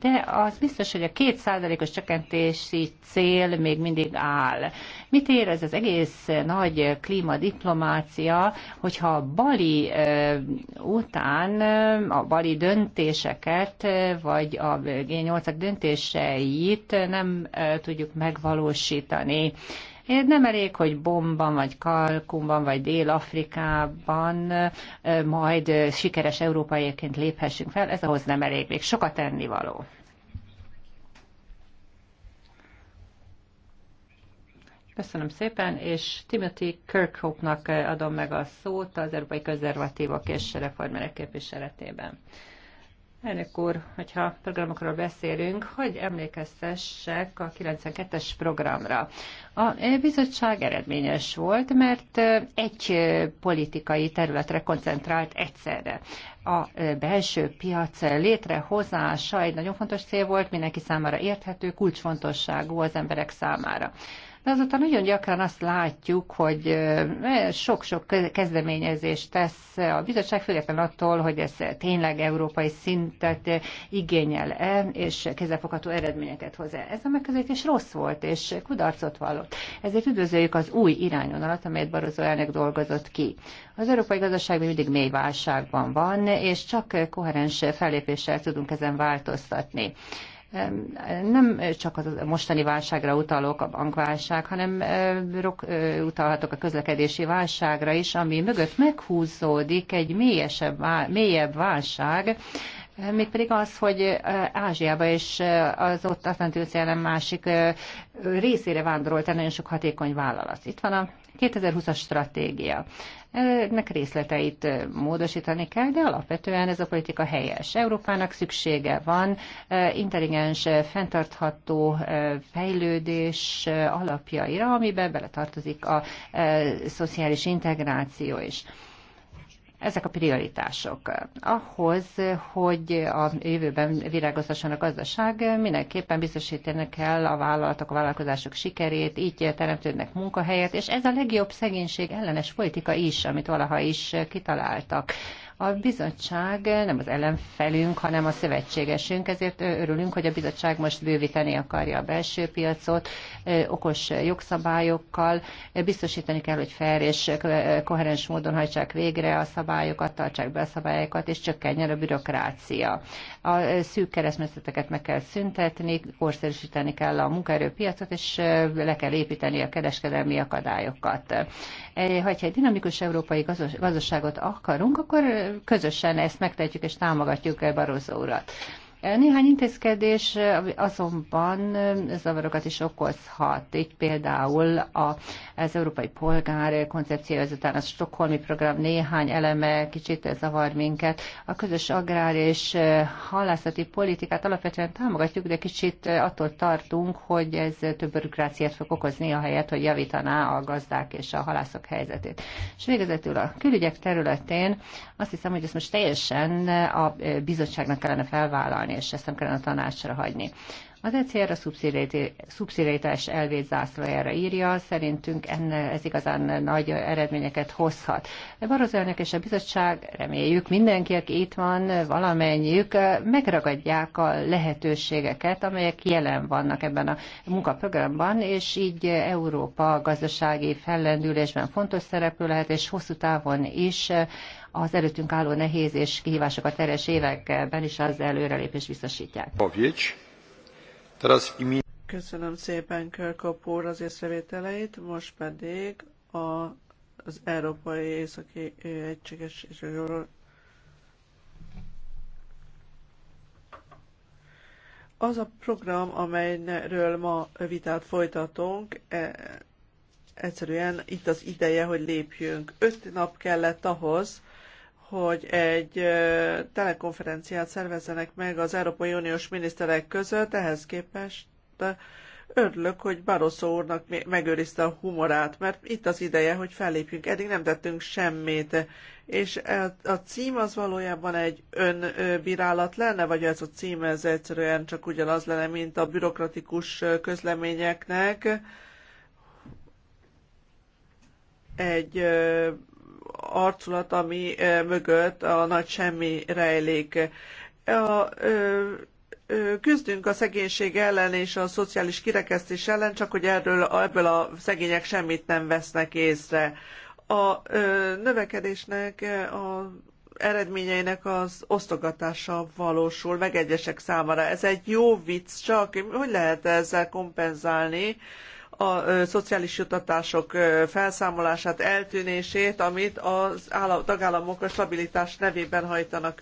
de az biztos, hogy a 2%-os csökkentési cél még mindig áll. Mit ér ez az egész nagy klímadiplomácia, hogyha Bali után a Bali döntéseket, vagy a G8-ak döntéseit nem tudjuk megvalósítani. Nem elég, hogy Bomban, vagy Kalkumban, vagy Dél-Afrikában majd sikeres európaiaként léphessünk fel, ez ahhoz nem elég, még sokat tennivaló. Köszönöm szépen, és Timothy Kirkhope-nak adom meg a szót az Európai Konzervatívok és Reformerek képviseletében. Elnök úr, hogyha programokról beszélünk, hogy emlékeztessek a 92-es programra. A bizottság eredményes volt, mert egy politikai területre koncentrált egyszerre. A belső piac létrehozása egy nagyon fontos cél volt, mindenki számára érthető, kulcsfontosságú az emberek számára de azóta nagyon gyakran azt látjuk, hogy sok-sok kezdeményezést tesz a bizottság, független attól, hogy ez tényleg európai szintet igényel-e, és kézzelfogható eredményeket hoz -e. Ez a megközelítés rossz volt, és kudarcot vallott. Ezért üdvözöljük az új irányvonalat, amelyet Barozó elnök dolgozott ki. Az európai gazdaság mindig mély válságban van, és csak koherens fellépéssel tudunk ezen változtatni. Nem csak a mostani válságra utalok, a bankválság, hanem utalhatok a közlekedési válságra is, ami mögött meghúzódik egy mélyesebb, mélyebb válság, Még pedig az, hogy Ázsiába és az ott Atlanti óceán másik részére vándorolt el nagyon sok hatékony vállalat. Itt van a 2020-as stratégia ennek részleteit módosítani kell, de alapvetően ez a politika helyes. Európának szüksége van intelligens, fenntartható fejlődés alapjaira, amiben beletartozik a szociális integráció is. Ezek a prioritások. Ahhoz, hogy a jövőben virágozhasson a gazdaság, mindenképpen biztosítani kell a vállalatok, a vállalkozások sikerét, így teremtődnek munkahelyet, és ez a legjobb szegénység ellenes politika is, amit valaha is kitaláltak. A bizottság nem az ellenfelünk, hanem a szövetségesünk, ezért örülünk, hogy a bizottság most bővíteni akarja a belső piacot, okos jogszabályokkal, biztosítani kell, hogy fair és koherens módon hajtsák végre a szabályokat, tartsák be a szabályokat, és csökkenjen a bürokrácia. A szűk keresztmetszeteket meg kell szüntetni, korszerűsíteni kell a munkaerőpiacot, és le kell építeni a kereskedelmi akadályokat. Ha egy dinamikus európai gazdaságot akarunk, akkor közösen ezt megtehetjük és támogatjuk Barroso urat. Néhány intézkedés azonban zavarokat is okozhat. Itt például az Európai Polgár koncepció ezután a Stockholmi program néhány eleme kicsit zavar minket. A közös agrár és halászati politikát alapvetően támogatjuk, de kicsit attól tartunk, hogy ez több bürokráciát fog okozni, a helyet, hogy javítaná a gazdák és a halászok helyzetét. És végezetül a külügyek területén azt hiszem, hogy ezt most teljesen a bizottságnak kellene felvállalni javítani, és ezt nem kellene a tanácsra hagyni. Az ECR a szubszidiaritás elvét zászlajára írja, szerintünk enne, ez igazán nagy eredményeket hozhat. Barozó elnök és a bizottság, reméljük mindenki, aki itt van, valamennyiük megragadják a lehetőségeket, amelyek jelen vannak ebben a munkaprogramban, és így Európa gazdasági fellendülésben fontos szereplő lehet, és hosszú távon is az előttünk álló nehéz és kihívásokat teres években is az előrelépés biztosítják. Köszönöm szépen Körkap úr az észrevételeit, most pedig a, az Európai Északi Egységes és Az a program, amelyről ma vitát folytatunk, e, egyszerűen itt az ideje, hogy lépjünk. Öt nap kellett ahhoz, hogy egy telekonferenciát szervezzenek meg az Európai Uniós miniszterek között, ehhez képest örülök, hogy Barroso úrnak megőrizte a humorát, mert itt az ideje, hogy fellépjünk. Eddig nem tettünk semmit. És a cím az valójában egy önbírálat lenne, vagy ez a cím ez egyszerűen csak ugyanaz lenne, mint a bürokratikus közleményeknek egy arculat, ami mögött a nagy semmi rejlik. A, ö, küzdünk a szegénység ellen és a szociális kirekesztés ellen, csak hogy erről, ebből a szegények semmit nem vesznek észre. A ö, növekedésnek a eredményeinek az osztogatása valósul meg egyesek számára. Ez egy jó vicc, csak hogy lehet ezzel kompenzálni a szociális jutatások felszámolását, eltűnését, amit az állam, tagállamok a stabilitás nevében hajtanak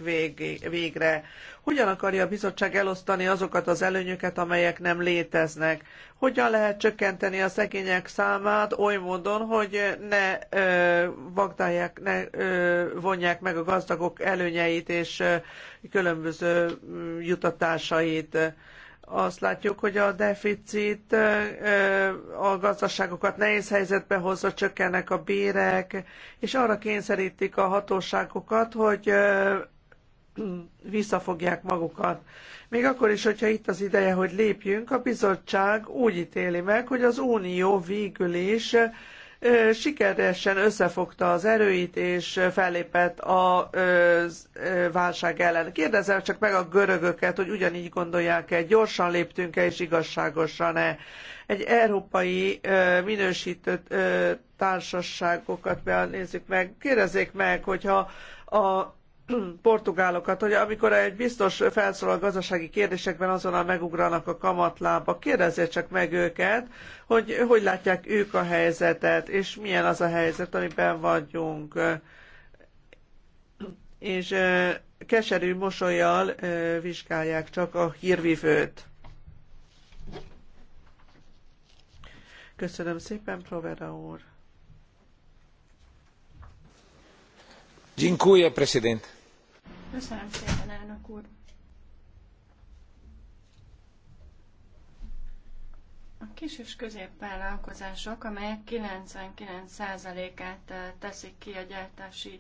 végre. Hogyan akarja a bizottság elosztani azokat az előnyöket, amelyek nem léteznek? Hogyan lehet csökkenteni a szegények számát oly módon, hogy ne ö, vagdálják, ne ö, vonják meg a gazdagok előnyeit és ö, különböző mm, jutatásait? azt látjuk, hogy a deficit a gazdaságokat nehéz helyzetbe hozza, csökkennek a bérek, és arra kényszerítik a hatóságokat, hogy visszafogják magukat. Még akkor is, hogyha itt az ideje, hogy lépjünk, a bizottság úgy ítéli meg, hogy az Unió végül is sikeresen összefogta az erőit, és fellépett a válság ellen. Kérdezem csak meg a görögöket, hogy ugyanígy gondolják-e, gyorsan léptünk-e és igazságosan-e. Egy európai minősített társaságokat nézzük meg, kérdezzék meg, hogyha a portugálokat, hogy amikor egy biztos felszólal a gazdasági kérdésekben, azonnal megugranak a kamatlába. kérdezze csak meg őket, hogy hogy látják ők a helyzetet, és milyen az a helyzet, amiben vagyunk. És keserű mosolyjal vizsgálják csak a hírvívőt. Köszönöm szépen, Provera úr. Dziękuję, prezydent. Köszönöm szépen, elnök úr. A kis és középvállalkozások, amelyek 99%-át eh, teszik ki a gyártási,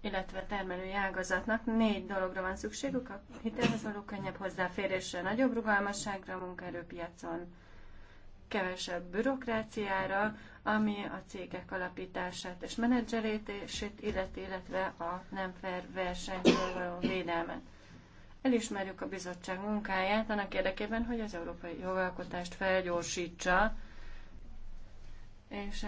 illetve termelői ágazatnak, négy dologra van szükségük, a hitelhez való könnyebb hozzáférésre, nagyobb rugalmasságra a munkaerőpiacon, kevesebb bürokráciára, ami a cégek alapítását és menedzselését illeti, illetve a nem fair versenytől való védelmet. Elismerjük a bizottság munkáját annak érdekében, hogy az európai jogalkotást felgyorsítsa, és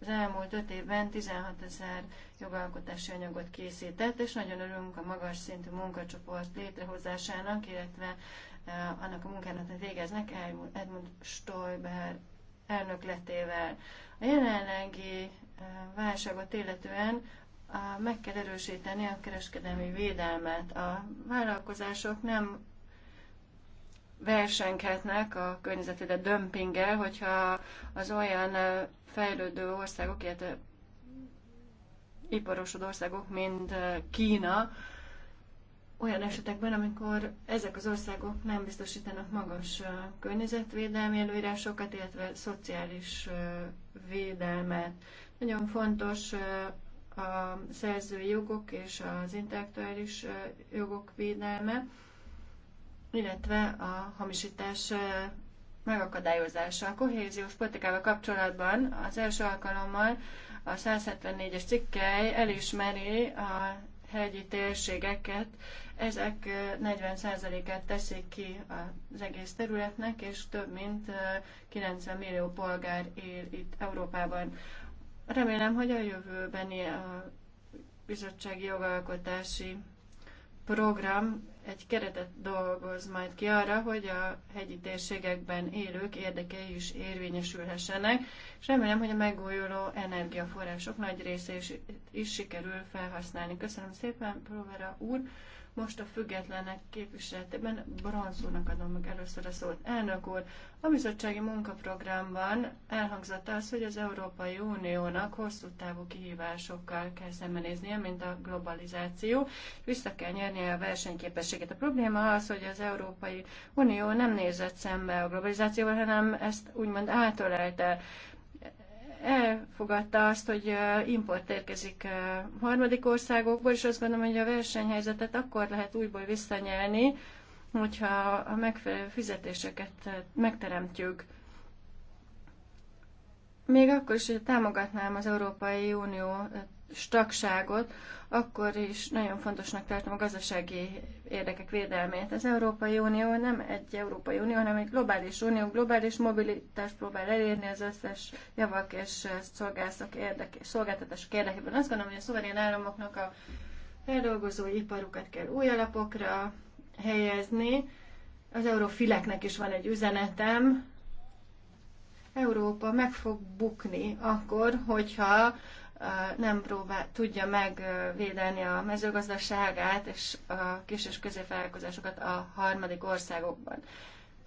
az elmúlt öt évben 16 ezer jogalkotási anyagot készített, és nagyon örülünk a magas szintű munkacsoport létrehozásának, illetve eh, annak a munkának, hogy végeznek Edmund Stoiber elnökletével. A jelenlegi eh, válságot illetően meg kell erősíteni a kereskedelmi védelmet. A vállalkozások nem versenkednek a környezetvédelmi dömpinggel, hogyha az olyan eh, fejlődő országok, illetve iparosodó országok, mint eh, Kína, olyan esetekben, amikor ezek az országok nem biztosítanak magas környezetvédelmi előírásokat, illetve szociális védelmet. Nagyon fontos a szerzői jogok és az intellektuális jogok védelme, illetve a hamisítás megakadályozása. A kohéziós politikával kapcsolatban az első alkalommal a 174-es cikkely elismeri a hegyi térségeket ezek 40%-át teszik ki az egész területnek, és több mint 90 millió polgár él itt Európában. Remélem, hogy a jövőbeni a bizottsági jogalkotási program egy keretet dolgoz majd ki arra, hogy a hegyi térségekben élők érdekei is érvényesülhessenek, és remélem, hogy a megújuló energiaforrások nagy részét is sikerül felhasználni. Köszönöm szépen, Provera úr! Most a függetlenek képviseletében Bronzónak adom meg először a szót. Elnök úr, a bizottsági munkaprogramban elhangzott az, hogy az Európai Uniónak hosszú távú kihívásokkal kell szembenéznie, mint a globalizáció. Vissza kell nyernie a versenyképességet. A probléma az, hogy az Európai Unió nem nézett szembe a globalizációval, hanem ezt úgymond átölelte elfogadta azt, hogy import érkezik harmadik országokból, és azt gondolom, hogy a versenyhelyzetet akkor lehet újból visszanyelni, hogyha a megfelelő fizetéseket megteremtjük. Még akkor is, hogy támogatnám az Európai Unió stagságot, akkor is nagyon fontosnak tartom a gazdasági érdekek védelmét. Az Európai Unió nem egy Európai Unió, hanem egy globális unió, globális mobilitást próbál elérni az összes javak és szolgáltatások érdeke, szolgáltatások érdekében. Azt gondolom, hogy a szuverén államoknak a feldolgozó iparukat kell új alapokra helyezni. Az eurofileknek is van egy üzenetem, Európa meg fog bukni akkor, hogyha nem próbál, tudja megvédeni a mezőgazdaságát és a kis- és középvállalkozásokat a harmadik országokban.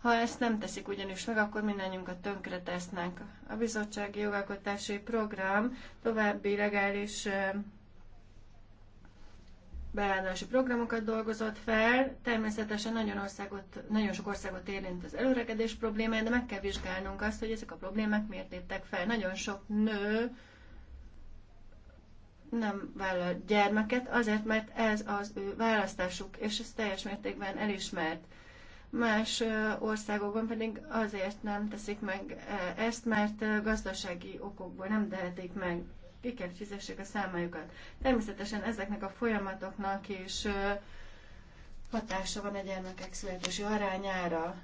Ha ezt nem teszik ugyanis meg, akkor mindannyiunkat tönkre tesznek. A bizottsági jogalkotási program további legális beállási programokat dolgozott fel. Természetesen nagyon, országot, nagyon sok országot érint az előregedés problémája, de meg kell vizsgálnunk azt, hogy ezek a problémák miért léptek fel. Nagyon sok nő nem vállal gyermeket, azért, mert ez az ő választásuk, és ez teljes mértékben elismert. Más országokban pedig azért nem teszik meg ezt, mert gazdasági okokból nem tehetik meg. Ki kell fizessék a számájukat. Természetesen ezeknek a folyamatoknak is hatása van a gyermekek születési arányára.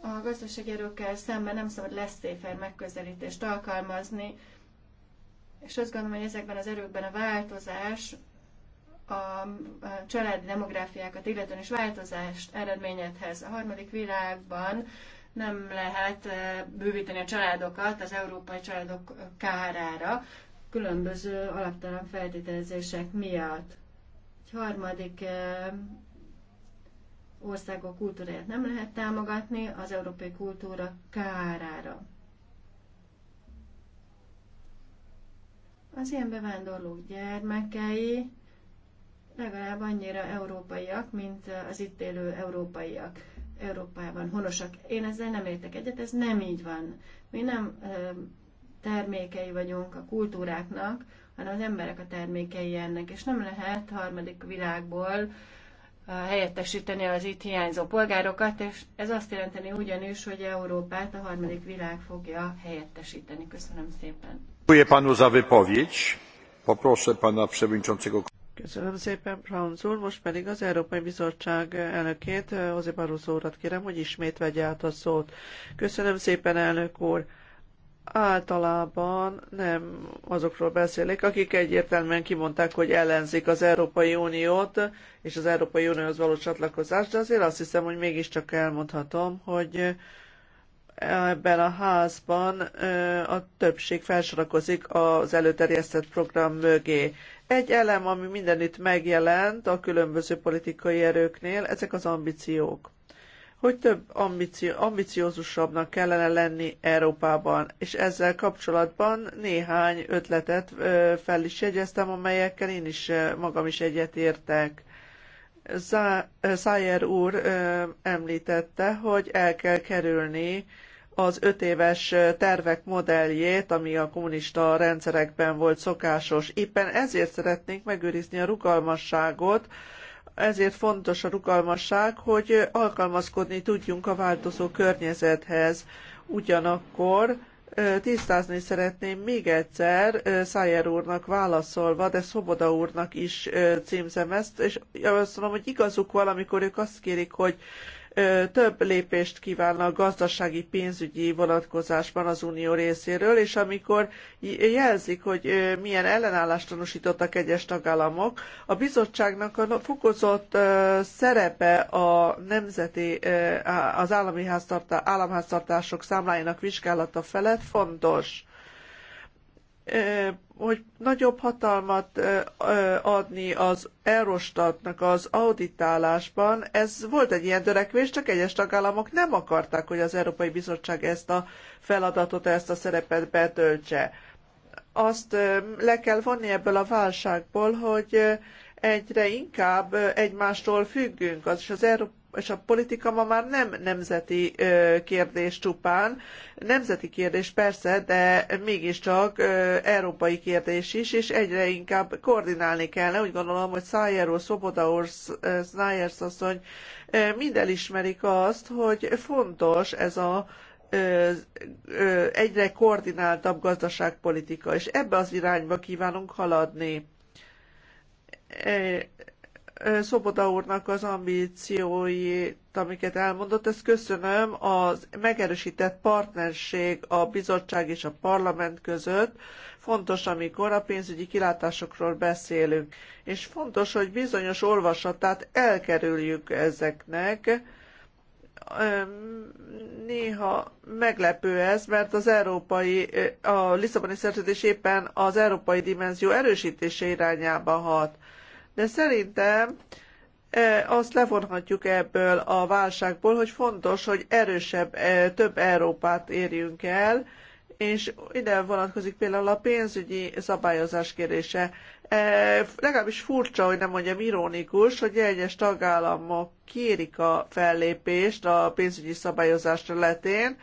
A gazdasági erőkkel szemben nem szabad lesz megközelítést alkalmazni, és azt gondolom, hogy ezekben az erőkben a változás a családi demográfiákat illetően is változást eredményedhez. A harmadik világban nem lehet eh, bővíteni a családokat az európai családok kárára, különböző alaptalan feltételezések miatt. Egy harmadik eh, országok kultúráját nem lehet támogatni az európai kultúra kárára. Az ilyen bevándorlók gyermekei legalább annyira európaiak, mint az itt élő európaiak. Európában honosak. Én ezzel nem értek egyet, ez nem így van. Mi nem termékei vagyunk a kultúráknak, hanem az emberek a termékei ennek, és nem lehet harmadik világból helyettesíteni az itt hiányzó polgárokat, és ez azt jelenteni ugyanis, hogy Európát a harmadik világ fogja helyettesíteni. Köszönöm szépen. Köszönöm szépen, Browns úr. Most pedig az Európai Bizottság elnökét, José Barroso urat kérem, hogy ismét vegye át a szót. Köszönöm szépen, elnök úr. Általában nem azokról beszélek, akik egyértelműen kimondták, hogy ellenzik az Európai Uniót és az Európai Unióhoz való csatlakozást, de azért azt hiszem, hogy mégiscsak elmondhatom, hogy ebben a házban a többség felsorakozik az előterjesztett program mögé. Egy elem, ami mindenütt megjelent a különböző politikai erőknél, ezek az ambíciók. Hogy több ambició, ambiciózusabbnak kellene lenni Európában, és ezzel kapcsolatban néhány ötletet fel is jegyeztem, amelyekkel én is magam is egyetértek. Szájer úr említette, hogy el kell kerülni az öt éves tervek modelljét, ami a kommunista rendszerekben volt szokásos. Éppen ezért szeretnénk megőrizni a rugalmasságot, ezért fontos a rugalmasság, hogy alkalmazkodni tudjunk a változó környezethez. Ugyanakkor tisztázni szeretném még egyszer Szájer úrnak válaszolva, de Szoboda úrnak is címzem ezt, és azt mondom, hogy igazuk valamikor ők azt kérik, hogy több lépést kívánnak gazdasági pénzügyi vonatkozásban az unió részéről, és amikor jelzik, hogy milyen ellenállást tanúsítottak egyes tagállamok, a bizottságnak a fokozott szerepe a nemzeti, az állami háztartá, államháztartások számláinak vizsgálata felett fontos hogy nagyobb hatalmat adni az Eurostatnak az auditálásban, ez volt egy ilyen törekvés, csak egyes tagállamok nem akarták, hogy az Európai Bizottság ezt a feladatot, ezt a szerepet betöltse. Azt le kell vonni ebből a válságból, hogy egyre inkább egymástól függünk, az is az Európai és a politika ma már nem nemzeti kérdés csupán, nemzeti kérdés persze, de mégiscsak európai kérdés is, és egyre inkább koordinálni kell. Úgy gondolom, hogy Szájer Szoboda Snyers asszony mind elismerik azt, hogy fontos ez a egyre koordináltabb gazdaságpolitika, és ebbe az irányba kívánunk haladni Szoboda úrnak az ambícióit, amiket elmondott, ezt köszönöm. Az megerősített partnerség a bizottság és a parlament között fontos, amikor a pénzügyi kilátásokról beszélünk. És fontos, hogy bizonyos olvasatát elkerüljük ezeknek, néha meglepő ez, mert az európai, a Lisszaboni szerződés éppen az európai dimenzió erősítése irányába hat. De szerintem e, azt levonhatjuk ebből a válságból, hogy fontos, hogy erősebb, e, több Európát érjünk el, és ide vonatkozik például a pénzügyi szabályozás kérése. E, legalábbis furcsa, hogy nem mondjam ironikus, hogy egyes tagállamok kérik a fellépést a pénzügyi szabályozás területén,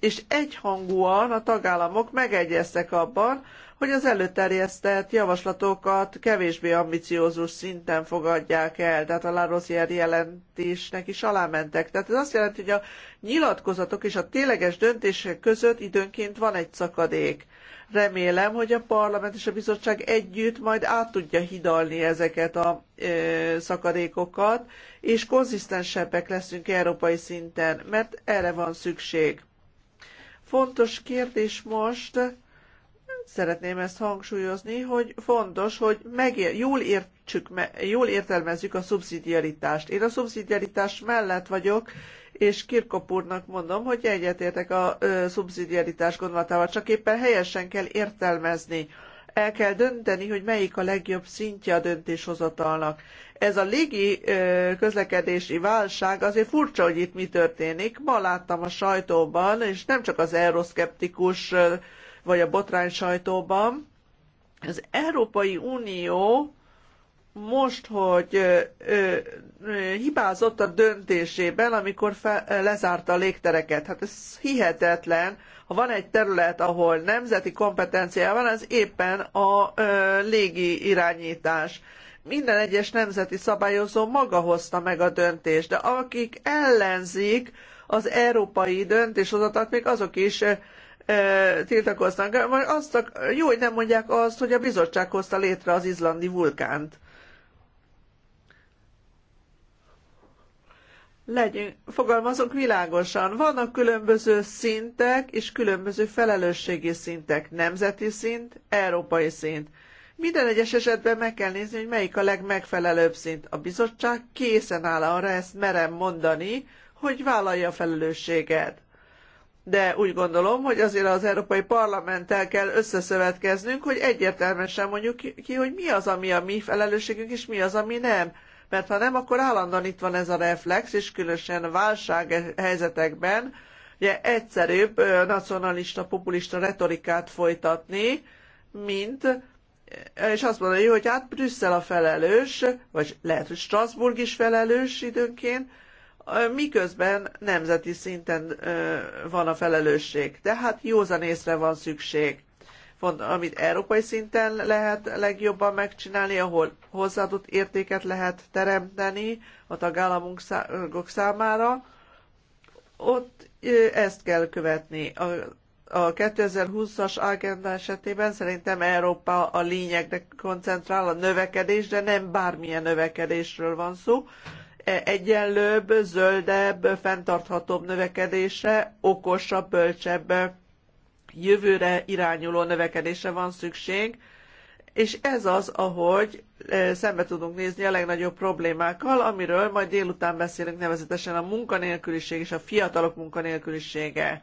és egyhangúan a tagállamok megegyeztek abban, hogy az előterjesztett javaslatokat kevésbé ambiciózus szinten fogadják el, tehát a Larosier jelentésnek is alámentek. Tehát ez azt jelenti, hogy a nyilatkozatok és a tényleges döntések között időnként van egy szakadék. Remélem, hogy a parlament és a bizottság együtt majd át tudja hidalni ezeket a ö, szakadékokat, és konzisztensebbek leszünk európai szinten, mert erre van szükség. Fontos kérdés most, szeretném ezt hangsúlyozni, hogy fontos, hogy megér, jól, értsük, jól értelmezzük a szubszidiaritást. Én a szubszidiaritás mellett vagyok, és Kirkopúrnak mondom, hogy egyetértek a ö, szubszidiaritás gondolatával, csak éppen helyesen kell értelmezni. El kell dönteni, hogy melyik a legjobb szintje a döntéshozatalnak. Ez a légi ö, közlekedési válság azért furcsa, hogy itt mi történik. Ma láttam a sajtóban, és nem csak az euroszkeptikus vagy a botrány sajtóban. Az Európai Unió most, hogy ö, ö, hibázott a döntésében, amikor fe, lezárta a légtereket. Hát ez hihetetlen. Ha van egy terület, ahol nemzeti kompetencia van, az éppen a ö, légi irányítás. Minden egyes nemzeti szabályozó maga hozta meg a döntést, de akik ellenzik az európai döntéshozatat, még azok is tiltakoznak. Azt a, jó, hogy nem mondják azt, hogy a bizottság hozta létre az izlandi vulkánt. Legyünk, fogalmazunk világosan. Vannak különböző szintek és különböző felelősségi szintek. Nemzeti szint, európai szint. Minden egyes esetben meg kell nézni, hogy melyik a legmegfelelőbb szint. A bizottság készen áll arra, ezt merem mondani, hogy vállalja a felelősséget de úgy gondolom, hogy azért az Európai Parlamenttel kell összeszövetkeznünk, hogy egyértelműen mondjuk ki, hogy mi az, ami a mi felelősségünk, és mi az, ami nem. Mert ha nem, akkor állandóan itt van ez a reflex, és különösen válság helyzetekben ugye egyszerűbb nacionalista, populista retorikát folytatni, mint és azt mondani, hogy hát Brüsszel a felelős, vagy lehet, hogy Strasbourg is felelős időnként, miközben nemzeti szinten van a felelősség. Tehát józan észre van szükség. Amit európai szinten lehet legjobban megcsinálni, ahol hozzáadott értéket lehet teremteni a tagállamok számára, ott ezt kell követni. A 2020-as agenda esetében szerintem Európa a lényegre koncentrál, a növekedés, de nem bármilyen növekedésről van szó, egyenlőbb, zöldebb, fenntarthatóbb növekedése, okosabb, bölcsebb jövőre irányuló növekedése van szükség, és ez az, ahogy e, szembe tudunk nézni a legnagyobb problémákkal, amiről majd délután beszélünk nevezetesen a munkanélküliség és a fiatalok munkanélkülisége.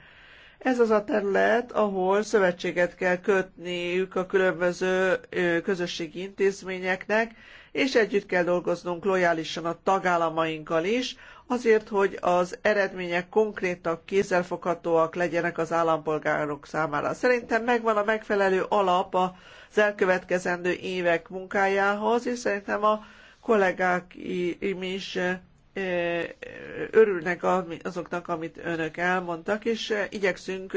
Ez az a terület, ahol szövetséget kell kötniük a különböző közösségi intézményeknek, és együtt kell dolgoznunk lojálisan a tagállamainkkal is, azért, hogy az eredmények konkrétak, kézzelfoghatóak legyenek az állampolgárok számára. Szerintem megvan a megfelelő alap az elkövetkezendő évek munkájához, és szerintem a kollégák is e, e, örülnek azoknak, amit önök elmondtak, és e, igyekszünk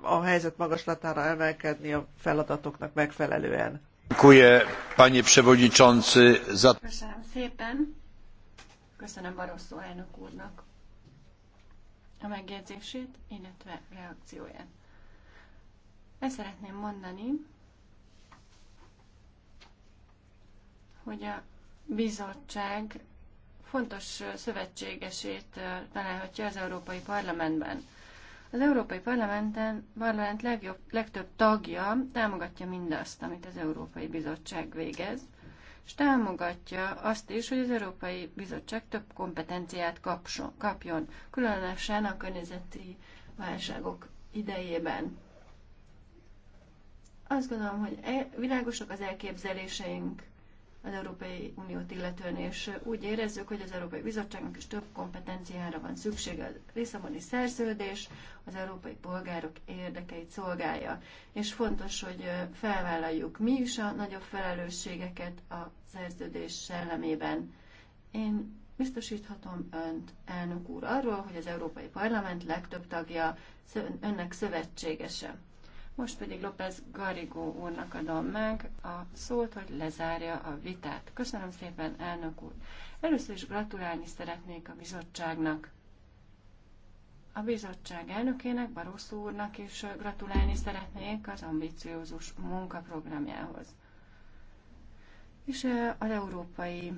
a helyzet magaslatára emelkedni a feladatoknak megfelelően. Köszönöm szépen. Köszönöm Barosszó elnök úrnak a megjegyzését, illetve reakcióját. Ezt szeretném mondani, hogy a bizottság fontos szövetségesét találhatja az Európai Parlamentben. Az Európai Parlamenten Parlament legjobb, legtöbb tagja támogatja mindazt, amit az Európai Bizottság végez, és támogatja azt is, hogy az Európai Bizottság több kompetenciát kapson, kapjon, különösen a környezeti válságok idejében. Azt gondolom, hogy e, világosak az elképzeléseink az Európai Uniót illetően, és úgy érezzük, hogy az Európai Bizottságnak is több kompetenciára van szüksége. A Lisszaboni szerződés az európai polgárok érdekeit szolgálja, és fontos, hogy felvállaljuk mi is a nagyobb felelősségeket a szerződés szellemében. Én biztosíthatom önt, elnök úr, arról, hogy az Európai Parlament legtöbb tagja önnek szövetségese. Most pedig López Garrigó úrnak adom meg a szót, hogy lezárja a vitát. Köszönöm szépen, elnök úr. Először is gratulálni szeretnék a bizottságnak. A bizottság elnökének, Barosszó úrnak is gratulálni szeretnék az ambiciózus munkaprogramjához. És az európai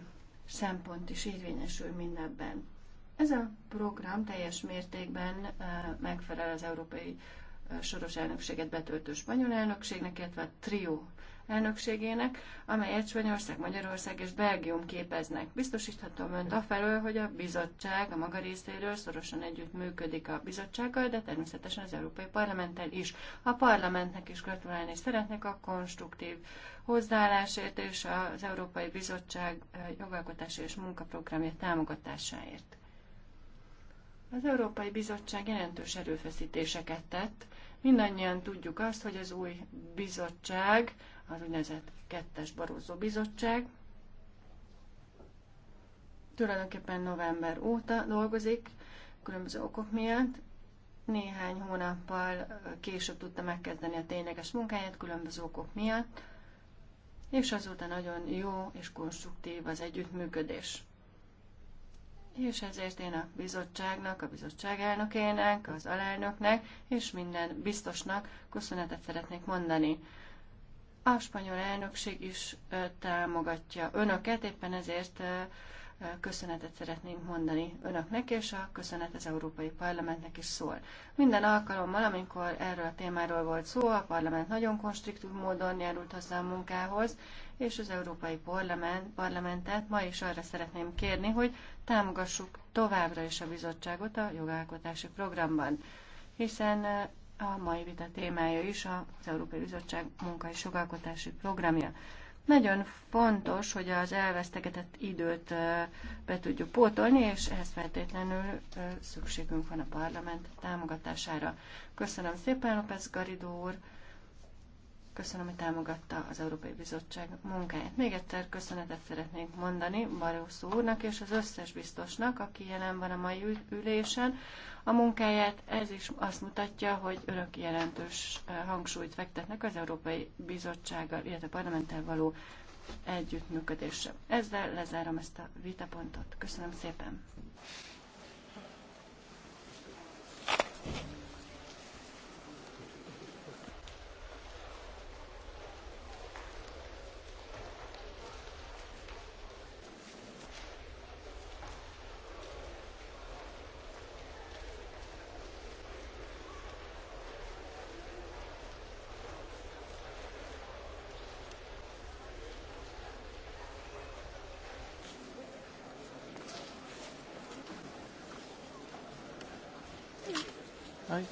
szempont is érvényesül mindebben. Ez a program teljes mértékben megfelel az európai soros elnökséget betöltő spanyol elnökségnek, illetve a trió elnökségének, amelyet Spanyolország, Magyarország és Belgium képeznek. Biztosíthatom önt afelől, hogy a bizottság a maga részéről szorosan együtt működik a bizottsággal, de természetesen az Európai Parlamenttel is. A parlamentnek is gratulálni szeretnék a konstruktív hozzáállásért és az Európai Bizottság eh, jogalkotási és munkaprogramja támogatásáért. Az Európai Bizottság jelentős erőfeszítéseket tett, Mindannyian tudjuk azt, hogy az új bizottság, az úgynevezett kettes barózó bizottság, tulajdonképpen november óta dolgozik, különböző okok miatt. Néhány hónappal később tudta megkezdeni a tényleges munkáját, különböző okok miatt, és azóta nagyon jó és konstruktív az együttműködés és ezért én a bizottságnak, a bizottság elnökének, az alelnöknek és minden biztosnak köszönetet szeretnék mondani. A spanyol elnökség is támogatja önöket, éppen ezért köszönetet szeretnénk mondani önöknek, és a köszönet az Európai Parlamentnek is szól. Minden alkalommal, amikor erről a témáról volt szó, a parlament nagyon konstruktív módon járult hozzá a munkához, és az Európai Parlament, Parlamentet ma is arra szeretném kérni, hogy támogassuk továbbra is a bizottságot a jogalkotási programban, hiszen eh, a mai vita témája is az Európai Bizottság munka és jogalkotási programja. Nagyon fontos, hogy az elvesztegetett időt be tudjuk pótolni, és ehhez feltétlenül szükségünk van a parlament támogatására. Köszönöm szépen, López Garidó úr! Köszönöm, hogy támogatta az Európai Bizottság munkáját. Még egyszer köszönetet szeretnék mondani Barósz úrnak és az összes biztosnak, aki jelen van a mai ülésen. A munkáját ez is azt mutatja, hogy örök jelentős eh, hangsúlyt fektetnek az Európai Bizottsággal, illetve a parlamenttel való együttműködésre. Ezzel lezárom ezt a vitapontot. Köszönöm szépen!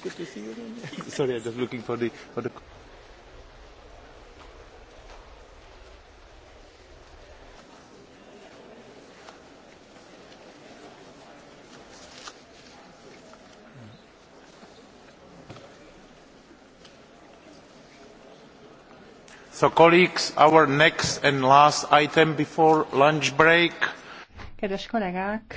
to see Sorry, I'm just looking for the for the. So colleagues, our next and last item before lunch break. Kedves kollégák,